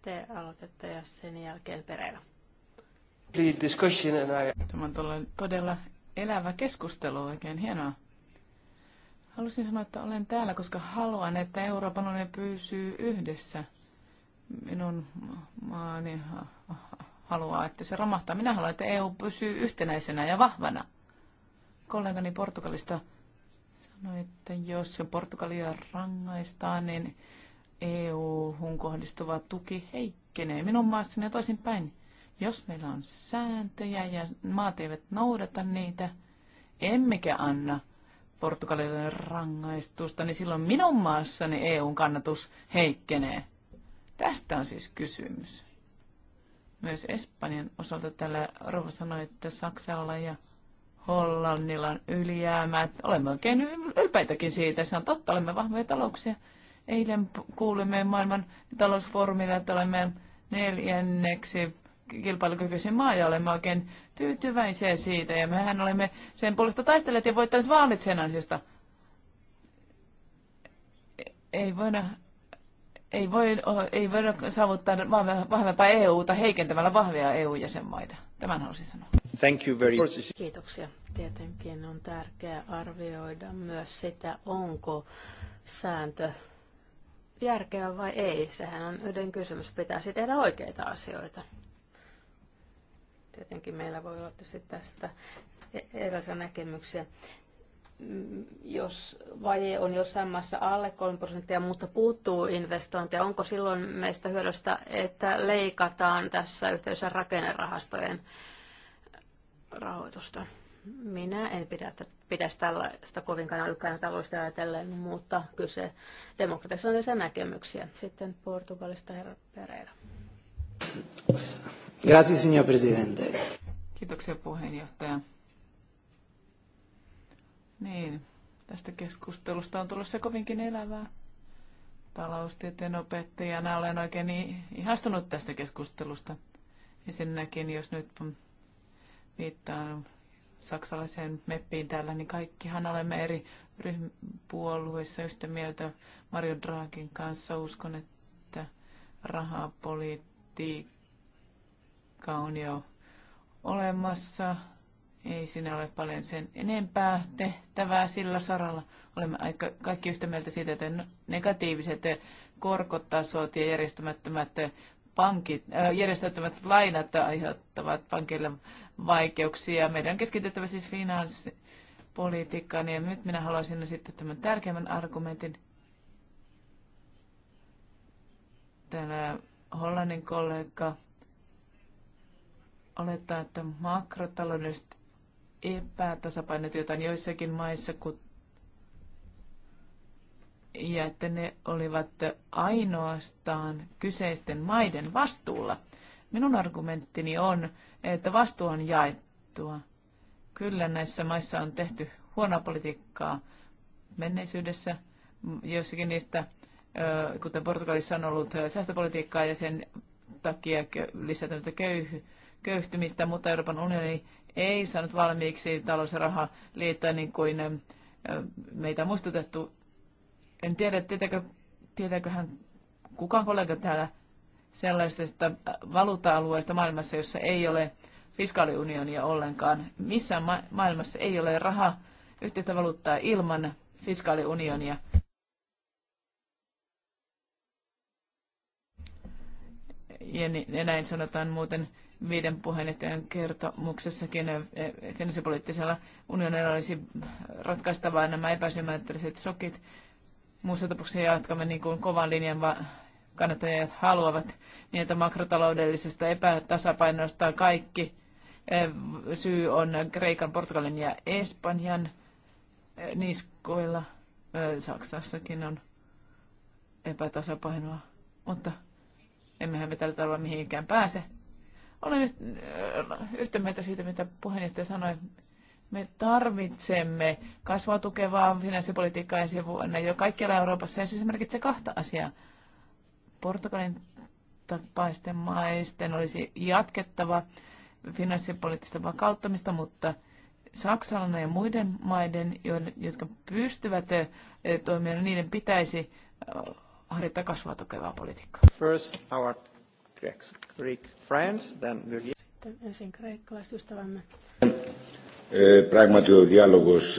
B: Te aloitatte ja sen jälkeen Pereira.
C: Discussion and I... Tämä on
B: todella elävä keskustelu,
C: oikein hienoa. Halusin sanoa, että olen täällä, koska haluan, että Euroopan unioni pysyy yhdessä. Minun maani haluaa, että se romahtaa. Minä haluan, että EU pysyy yhtenäisenä ja vahvana. Kollegani Portugalista sanoi, että jos se Portugalia rangaistaan, niin EU-hun kohdistuva tuki heikkenee. Minun maassani ja toisinpäin. Jos meillä on sääntöjä ja maat eivät noudata niitä, emmekä anna Portugalille rangaistusta, niin silloin minun maassani EUn kannatus heikkenee. Tästä on siis kysymys. Myös Espanjan osalta täällä Rova sanoi, että Saksalla ja Hollannilla on ylijäämät. Olemme oikein ylpeitäkin siitä. Se on totta, olemme vahvoja talouksia. Eilen kuulimme maailman talousfoorumilla, että olemme neljänneksi kilpailukykyisin maa ja olemme oikein tyytyväisiä siitä. Ja mehän olemme sen puolesta taistelleet ja voittaneet vaalit sen ansiosta. Ei voida, ei voida, ei voida saavuttaa vahvempaa EUta heikentämällä vahvia
B: EU-jäsenmaita. Tämän halusin sanoa.
A: Thank you very much.
B: Kiitoksia. Tietenkin on tärkeää arvioida myös sitä, onko sääntö järkevä vai ei. Sehän on yhden kysymys. Pitäisi tehdä oikeita asioita. Tietenkin meillä voi olla tästä e- erilaisia näkemyksiä jos vaje on jossain maassa alle 3 prosenttia, mutta puuttuu investointeja, onko silloin meistä hyödystä, että leikataan tässä yhteydessä rakennerahastojen rahoitusta? Minä en pidä, että pitäisi tällaista kovinkaan älykkäänä taloudesta ajatellen, mutta kyse demokratisoinnissa näkemyksiä. Sitten Portugalista herra Pereira.
A: Grazie, signor Presidente.
C: Kiitoksia puheenjohtaja. Niin, tästä keskustelusta on tullut se kovinkin elävää. Taloustieteen opettajana olen oikein ihastunut tästä keskustelusta. Ensinnäkin, jos nyt viittaan saksalaiseen meppiin täällä, niin kaikkihan olemme eri ryhmäpuolueissa yhtä mieltä Mario Draakin kanssa. Uskon, että rahapolitiikka on jo olemassa ei siinä ole paljon sen enempää tehtävää sillä saralla. Olemme aika, kaikki yhtä mieltä siitä, että negatiiviset korkotasot ja järjestämättömät pankit, äh, järjestämättömät lainat aiheuttavat pankille vaikeuksia. Meidän on keskityttävä siis finanssipolitiikkaan ja nyt minä haluaisin sitten tämän tärkeimmän argumentin. Täällä hollannin kollega olettaa, että makrotaloudelliset epätasapainot, joita joissakin maissa, kun ja että ne olivat ainoastaan kyseisten maiden vastuulla. Minun argumenttini on, että vastuu on jaettua. Kyllä näissä maissa on tehty huonoa politiikkaa menneisyydessä. Joissakin niistä, kuten Portugalissa on ollut säästöpolitiikkaa ja sen takia lisätöntä köyhtymistä, mutta Euroopan unioni ei saanut valmiiksi talous- ja rahaliittoa niin kuin meitä on muistutettu. En tiedä, tietääkö, tietääköhän kukaan kollega täällä sellaisesta valuutta-alueesta maailmassa, jossa ei ole fiskaaliunionia ollenkaan. Missään ma- maailmassa ei ole raha yhteistä valuuttaa ilman fiskaaliunionia. Ja, ja näin sanotaan muuten viiden puheenjohtajan kertomuksessakin eh, finanssipoliittisella unionilla olisi ratkaistavaa nämä epäsymmetriset sokit. Muussa tapauksessa jatkamme niin kuin kovan linjan kannattajat haluavat, niin että makrotaloudellisesta epätasapainosta kaikki eh, syy on Kreikan, Portugalin ja Espanjan eh, niskoilla. Saksassakin on epätasapainoa, mutta emmehän me tällä tavalla mihinkään pääse. Olen yhtä mieltä siitä, mitä puheenjohtaja sanoi. Me tarvitsemme kasvua tukevaa finanssipolitiikkaa ensi vuonna jo kaikkialla Euroopassa, ja se merkitsee kahta asiaa. Portugalin tapaisten maisten olisi jatkettava finanssipoliittista vakauttamista, mutta Saksalla ja muiden maiden, jotka pystyvät eh, toimimaan, niin niiden pitäisi eh, harjoittaa kasvua tukevaa politiikkaa.
A: First, our Greek, Greek friend, then
B: we'll...
C: πράγματι ο διάλογος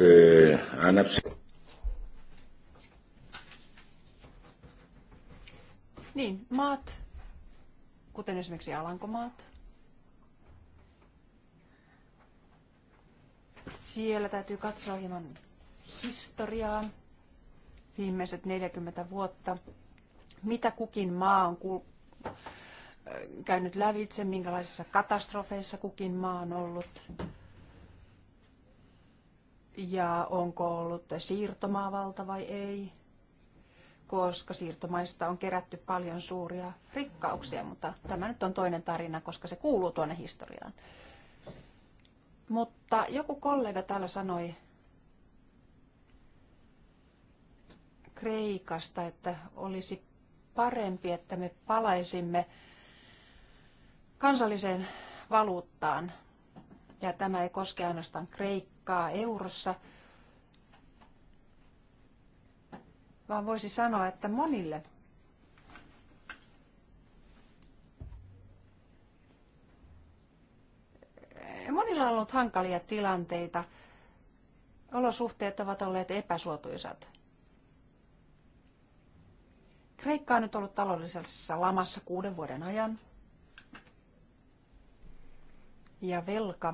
C: άναψε.
A: Niin, maat, kuten esimerkiksi Alankomaat, siellä täytyy katsoa hieman historiaa, viimeiset 40 vuotta, mitä kukin maa on käynyt lävitse, minkälaisissa katastrofeissa kukin maa on ollut ja onko ollut siirtomaavalta vai ei, koska siirtomaista on kerätty paljon suuria rikkauksia, mutta tämä nyt on toinen tarina, koska se kuuluu tuonne historiaan. Mutta joku kollega täällä sanoi Kreikasta, että olisi parempi, että me palaisimme kansalliseen valuuttaan. Ja tämä ei koske ainoastaan Kreikkaa eurossa, vaan voisi sanoa, että monille monilla on ollut hankalia tilanteita. Olosuhteet ovat olleet epäsuotuisat. Kreikka on nyt ollut taloudellisessa lamassa kuuden vuoden ajan ja velka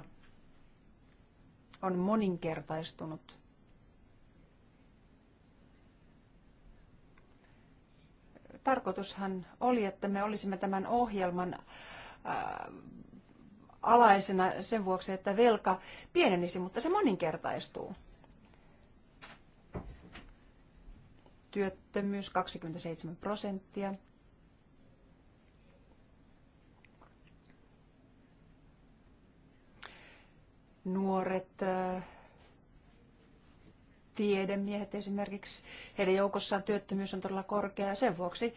A: on moninkertaistunut. Tarkoitushan oli, että me olisimme tämän ohjelman äh, alaisena sen vuoksi, että velka pienenisi, mutta se moninkertaistuu. Työttömyys 27 prosenttia, nuoret tiedemiehet esimerkiksi, heidän joukossaan työttömyys on todella korkea ja sen vuoksi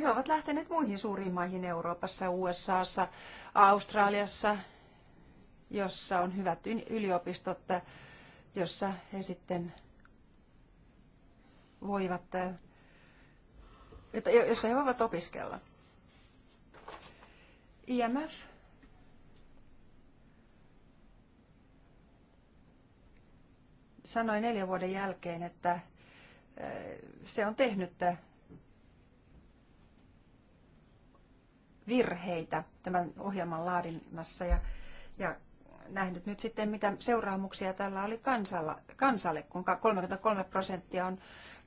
A: he ovat lähteneet muihin suuriin maihin Euroopassa, USAssa, Australiassa, jossa on hyvät yliopistot, jossa he sitten voivat, jossa he voivat opiskella. IMF sanoi neljän vuoden jälkeen, että äh, se on tehnyt äh, virheitä tämän ohjelman laadinnassa ja, ja nähnyt nyt sitten, mitä seuraamuksia tällä oli kansalla, kansalle, kun 33 prosenttia on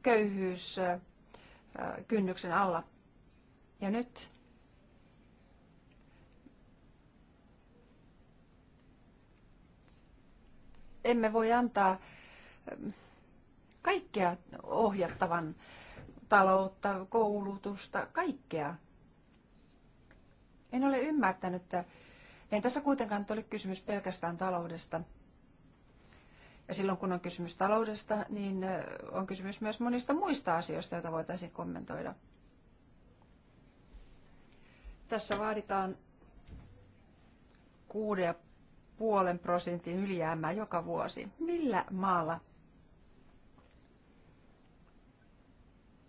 A: köyhyyskynnyksen äh, alla. Ja nyt emme voi antaa kaikkea ohjattavan taloutta, koulutusta, kaikkea. En ole ymmärtänyt, että en tässä kuitenkaan ole kysymys pelkästään taloudesta. Ja silloin kun on kysymys taloudesta, niin on kysymys myös monista muista asioista, joita voitaisiin kommentoida. Tässä vaaditaan 6,5 prosentin ylijäämää joka vuosi. Millä maalla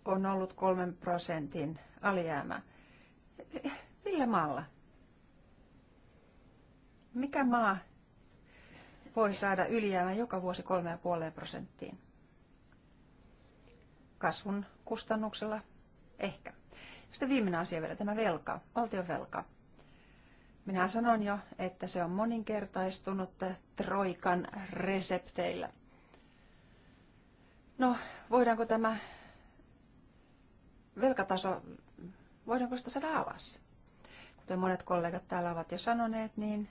A: on ollut kolmen prosentin alijäämä. Millä maalla? Mikä maa voi saada ylijäämän joka vuosi 3,5 prosenttiin? Kasvun kustannuksella ehkä. Sitten viimeinen asia vielä, tämä velka, valtiovelka. Minä sanon jo, että se on moninkertaistunut Troikan resepteillä. No, voidaanko tämä velkataso, voidaanko sitä saada alas? Kuten monet kollegat täällä ovat jo sanoneet, niin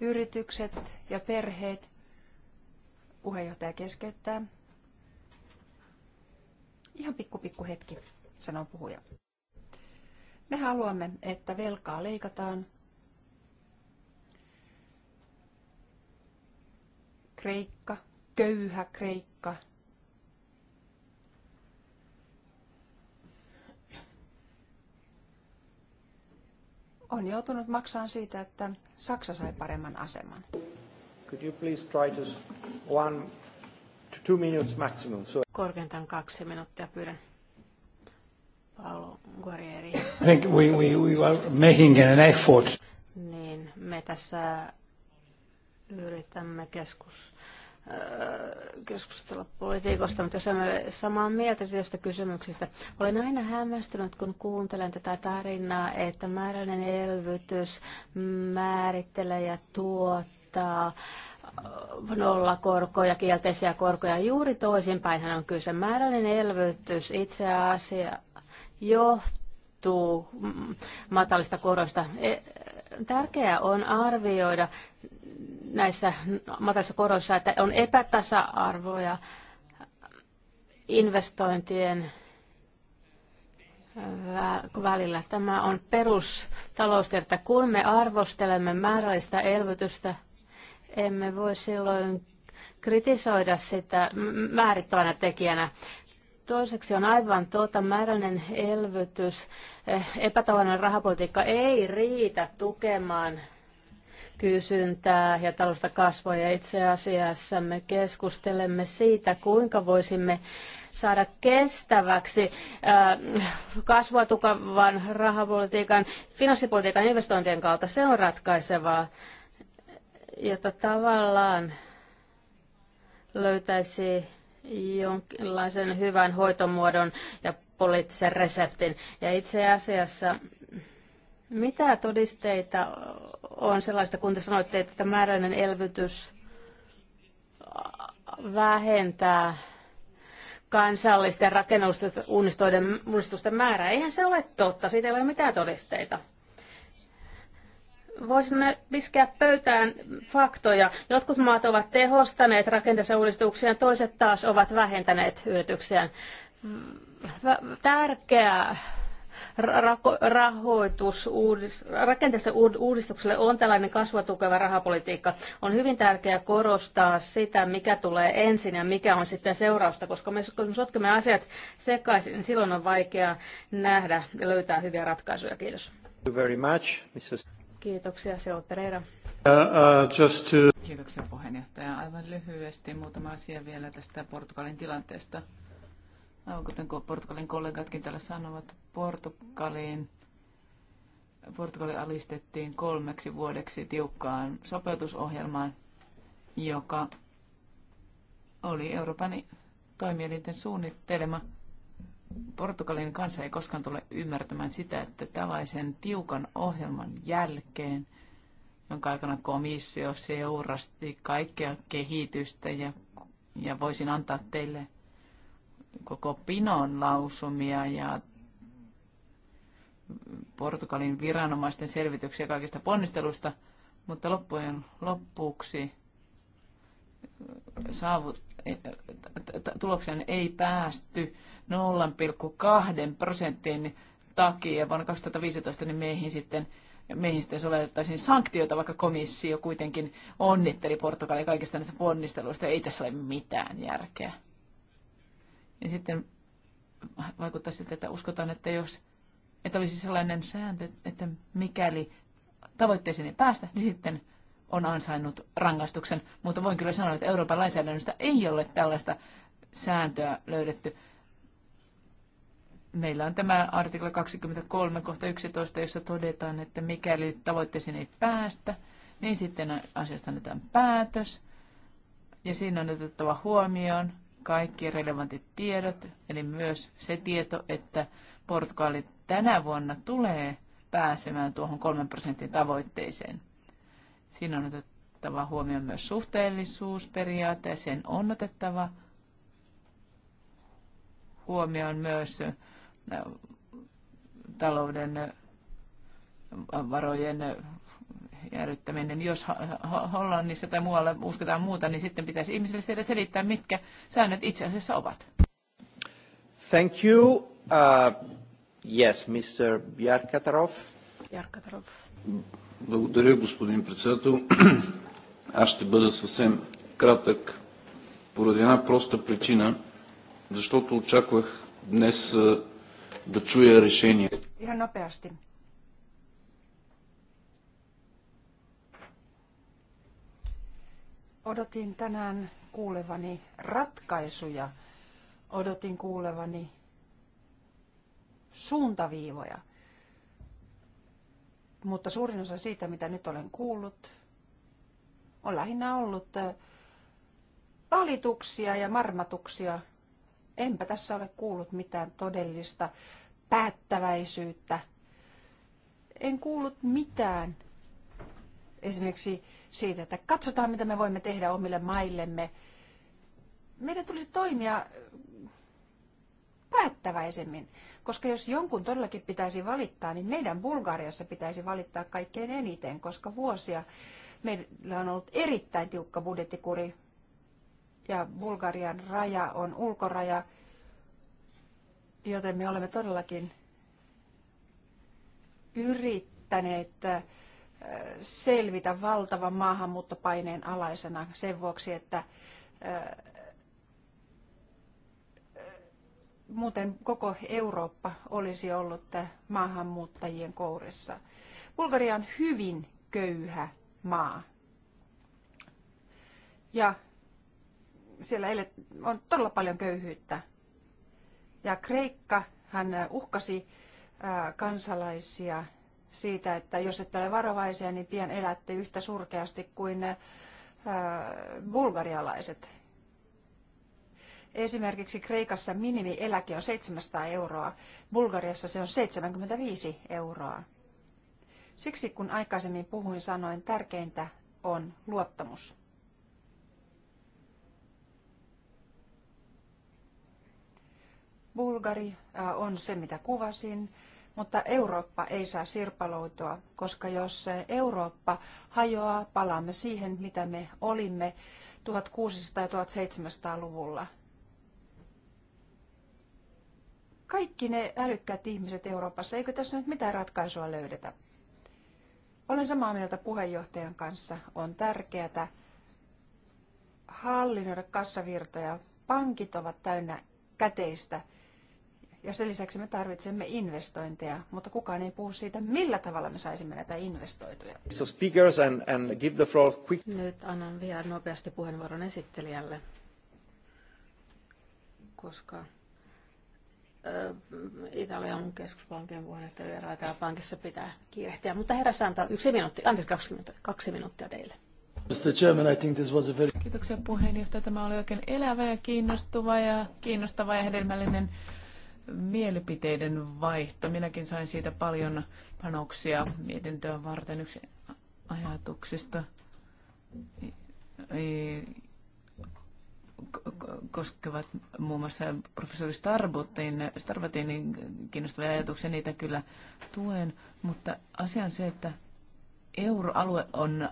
A: yritykset ja perheet, puheenjohtaja keskeyttää. Ihan pikku pikku hetki, sanoo puhuja. Me haluamme, että velkaa leikataan. Kreikka, köyhä Kreikka. On joutunut maksamaan siitä, että Saksa sai paremman aseman. Could you please try to one to two minutes maximum? So...
B: Korkeintaan kaksi minuuttia pyydän. Paolo Guerrieri.
A: I think we, we, we are making an effort.
B: Niin, me tässä yritämme keskustella. Äh, keskustella politiikosta, mutta jos olen samaa mieltä tietystä kysymyksistä. Olen aina hämmästynyt, kun kuuntelen tätä tarinaa, että määräinen elvytys määrittelee ja tuottaa äh, nollakorkoja, kielteisiä korkoja. Juuri hän on kyse. Määräinen elvytys itse asiassa johtuu matalista koroista. E- tärkeää on arvioida näissä matalissa koroissa, että on epätasa-arvoja investointien äh, välillä. Tämä on että Kun me arvostelemme määrällistä elvytystä, emme voi silloin kritisoida sitä määrittävänä tekijänä. Toiseksi on aivan tuota määräinen elvytys. Eh, epätavallinen rahapolitiikka ei riitä tukemaan kysyntää ja talousta kasvua. Ja itse asiassa me keskustelemme siitä, kuinka voisimme saada kestäväksi äh, kasvua tukavan rahapolitiikan, finanssipolitiikan investointien kautta. Se on ratkaisevaa, jotta tavallaan löytäisi jonkinlaisen hyvän hoitomuodon ja poliittisen reseptin. Ja itse asiassa mitä todisteita on sellaista, kun te sanoitte, että määräinen elvytys vähentää kansallisten uudistusten määrää? Eihän se ole totta, siitä ei ole mitään todisteita voisimme viskää pöytään faktoja. Jotkut maat ovat tehostaneet rakenteessa uudistuksia, toiset taas ovat vähentäneet yrityksiään. Tärkeää rahoitus rakenteessa uudistukselle on tällainen kasvua tukeva rahapolitiikka. On hyvin tärkeää korostaa sitä, mikä tulee ensin ja mikä on sitten seurausta, koska me, kun me sotkemme asiat sekaisin, niin silloin on vaikea nähdä ja löytää hyviä ratkaisuja. Kiitos. Kiitoksia, Seo Pereira. Uh,
C: uh, just to... Kiitoksia puheenjohtaja. Aivan lyhyesti muutama asia vielä tästä Portugalin tilanteesta aivan kuten Portugalin kollegatkin täällä sanovat, Portugaliin Portugali alistettiin kolmeksi vuodeksi tiukkaan sopeutusohjelmaan, joka oli Euroopan toimielinten suunnittelema. Portugalin kanssa ei koskaan tule ymmärtämään sitä, että tällaisen tiukan ohjelman jälkeen, jonka aikana komissio seurasti kaikkea kehitystä ja, ja voisin antaa teille – koko Pinon lausumia ja Portugalin viranomaisten selvityksiä kaikista ponnistelusta, mutta loppujen lopuksi äh, saavut, äh, tuloksen ei päästy 0,2 prosenttiin, takia vuonna 2015, niin meihin sitten meihin sitten sovellettaisiin sanktioita, vaikka komissio kuitenkin onnitteli Portugalia kaikista näistä ponnisteluista. Ei tässä ole mitään järkeä. Niin sitten vaikuttaa siltä, että uskotaan, että jos että olisi sellainen sääntö, että mikäli tavoitteeseen ei päästä, niin sitten on ansainnut rangaistuksen. Mutta voin kyllä sanoa, että Euroopan lainsäädännöstä ei ole tällaista sääntöä löydetty. Meillä on tämä artikla 23 kohta 11, jossa todetaan, että mikäli tavoitteeseen ei päästä, niin sitten asiasta annetaan päätös. Ja siinä on otettava huomioon kaikki relevantit tiedot, eli myös se tieto, että Portugali tänä vuonna tulee pääsemään tuohon 3 prosentin tavoitteeseen. Siinä on otettava huomioon myös suhteellisuusperiaate ja sen on otettava huomioon myös talouden varojen Järjyttäminen, niin Jos Hollannissa tai muualla uskotaan muuta, niin sitten pitäisi ihmisille siellä selittää, mitkä säännöt itse asiassa
B: ovat. Thank you.
A: Uh, yes, Mr. Yarkatarov. Yarkatarov. Благодаря, господин председател. Аз ще бъда съвсем кратък поради една проста причина, защото очаквах днес uh, да чуя решение. Ihan nopeasti. Odotin tänään kuulevani ratkaisuja. Odotin kuulevani suuntaviivoja. Mutta suurin osa siitä, mitä nyt olen kuullut, on lähinnä ollut valituksia äh, ja marmatuksia. Enpä tässä ole kuullut mitään todellista päättäväisyyttä. En kuullut mitään esimerkiksi siitä, että katsotaan, mitä me voimme tehdä omille maillemme. Meidän tulisi toimia päättäväisemmin, koska jos jonkun todellakin pitäisi valittaa, niin meidän Bulgariassa pitäisi valittaa kaikkein eniten, koska vuosia meillä on ollut erittäin tiukka budjettikuri ja Bulgarian raja on ulkoraja, joten me olemme todellakin yrittäneet selvitä valtavan maahanmuuttopaineen alaisena sen vuoksi, että muuten koko Eurooppa olisi ollut maahanmuuttajien kourissa. Bulgaria on hyvin köyhä maa. Ja siellä on todella paljon köyhyyttä. Ja Kreikka hän uhkasi kansalaisia siitä, että jos ette ole varovaisia, niin pian elätte yhtä surkeasti kuin ne äh, bulgarialaiset. Esimerkiksi Kreikassa minimieläke on 700 euroa, Bulgariassa se on 75 euroa. Siksi kun aikaisemmin puhuin sanoin, tärkeintä on luottamus. Bulgari äh, on se, mitä kuvasin mutta Eurooppa ei saa sirpaloitua, koska jos Eurooppa hajoaa, palaamme siihen, mitä me olimme 1600- ja 1700-luvulla. Kaikki ne älykkäät ihmiset Euroopassa, eikö tässä nyt mitään ratkaisua löydetä? Olen samaa mieltä puheenjohtajan kanssa. On tärkeää hallinnoida kassavirtoja. Pankit ovat täynnä käteistä ja sen lisäksi me tarvitsemme investointeja, mutta kukaan ei puhu siitä, millä tavalla me saisimme näitä investoituja. So speakers and, and give the floor quick. Nyt annan vielä nopeasti puheenvuoron esittelijälle,
B: koska Italian keskuspankin puheenjohtaja vierailla täällä pankissa pitää kiirehtiä. Mutta herra Santa, yksi minuutti, anteeksi kaksi minuuttia, kaksi minuuttia teille.
A: Mr. Chairman, I think this was a very...
B: Kiitoksia puheenjohtaja. Tämä oli oikein elävä ja kiinnostava ja
C: kiinnostava ja hedelmällinen mielipiteiden vaihto. Minäkin sain siitä paljon panoksia mietintöä varten yksi ajatuksista koskevat muun muassa professori Starbutin, Starbutin kiinnostavia ajatuksia, niitä kyllä tuen, mutta asia on se, että euroalue on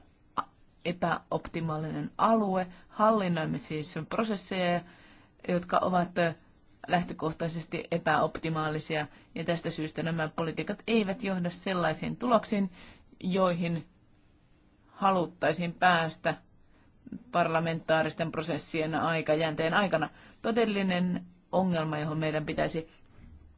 C: epäoptimaalinen alue, hallinnoimme siis prosesseja, jotka ovat lähtökohtaisesti epäoptimaalisia ja tästä syystä nämä politiikat eivät johda sellaisiin tuloksiin, joihin haluttaisiin päästä parlamentaaristen prosessien aikajänteen aikana. Todellinen ongelma, johon meidän pitäisi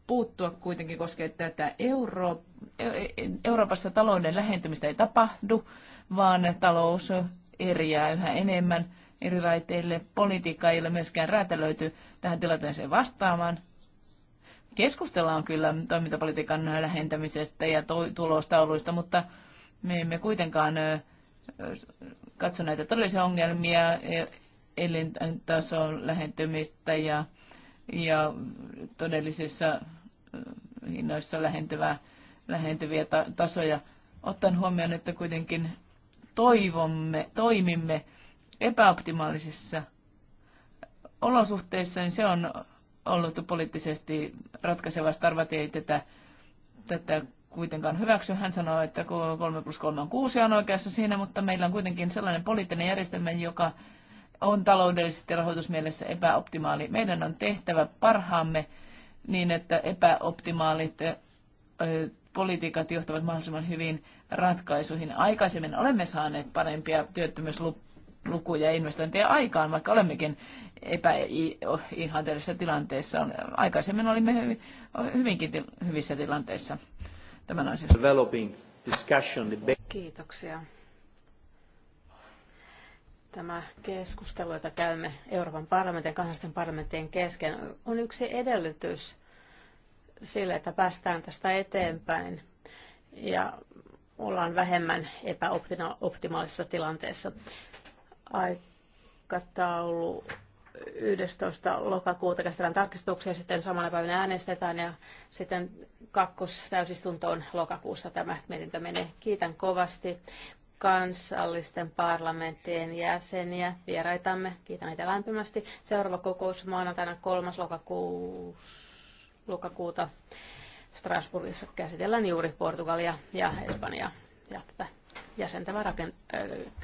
C: puuttua kuitenkin koskee tätä Euro- e, e, Euroopassa talouden lähentymistä ei tapahdu, vaan talous eriää yhä enemmän eri raiteille. Politiikka ei ole myöskään räätälöity tähän tilanteeseen vastaamaan. Keskustellaan kyllä toimintapolitiikan lähentämisestä ja tulostauluista, mutta me emme kuitenkaan katso näitä todellisia ongelmia, e, elintason lähentymistä ja, ja todellisissa hinnoissa lähentyvää, lähentyviä ta- tasoja. Ottaen huomioon, että kuitenkin toivomme, toimimme epäoptimaalisissa olosuhteissa, niin se on ollut poliittisesti ratkaiseva Starvat ei tätä, tätä kuitenkaan hyväksy. Hän sanoi, että 3 plus 3 on 6 on oikeassa siinä, mutta meillä on kuitenkin sellainen poliittinen järjestelmä, joka on taloudellisesti ja rahoitusmielessä epäoptimaali. Meidän on tehtävä parhaamme niin, että epäoptimaalit politiikat johtavat mahdollisimman hyvin ratkaisuihin. Aikaisemmin olemme saaneet parempia työttömyyslukuja lukuja ja investointeja aikaan, vaikka olemmekin epäihanteellisessa tilanteessa. aikaisemmin olimme hyvin, hyvinkin hyvissä tilanteissa
B: tämän asian. Kiitoksia. Tämä keskustelu, jota käymme Euroopan parlamentin ja kansallisten parlamenttien kesken, on yksi edellytys sille, että päästään tästä eteenpäin ja ollaan vähemmän epäoptimaalisessa tilanteessa aikataulu 11. lokakuuta käsitellään tarkistuksia, sitten samana päivänä äänestetään ja sitten kakkos on lokakuussa tämä mietintö menee. Kiitän kovasti kansallisten parlamenttien jäseniä, vieraitamme. Kiitän niitä lämpimästi. Seuraava kokous maanantaina 3. lokakuuta Strasbourgissa käsitellään juuri Portugalia ja Espanjaa ja tätä jäsentävää rakentaa.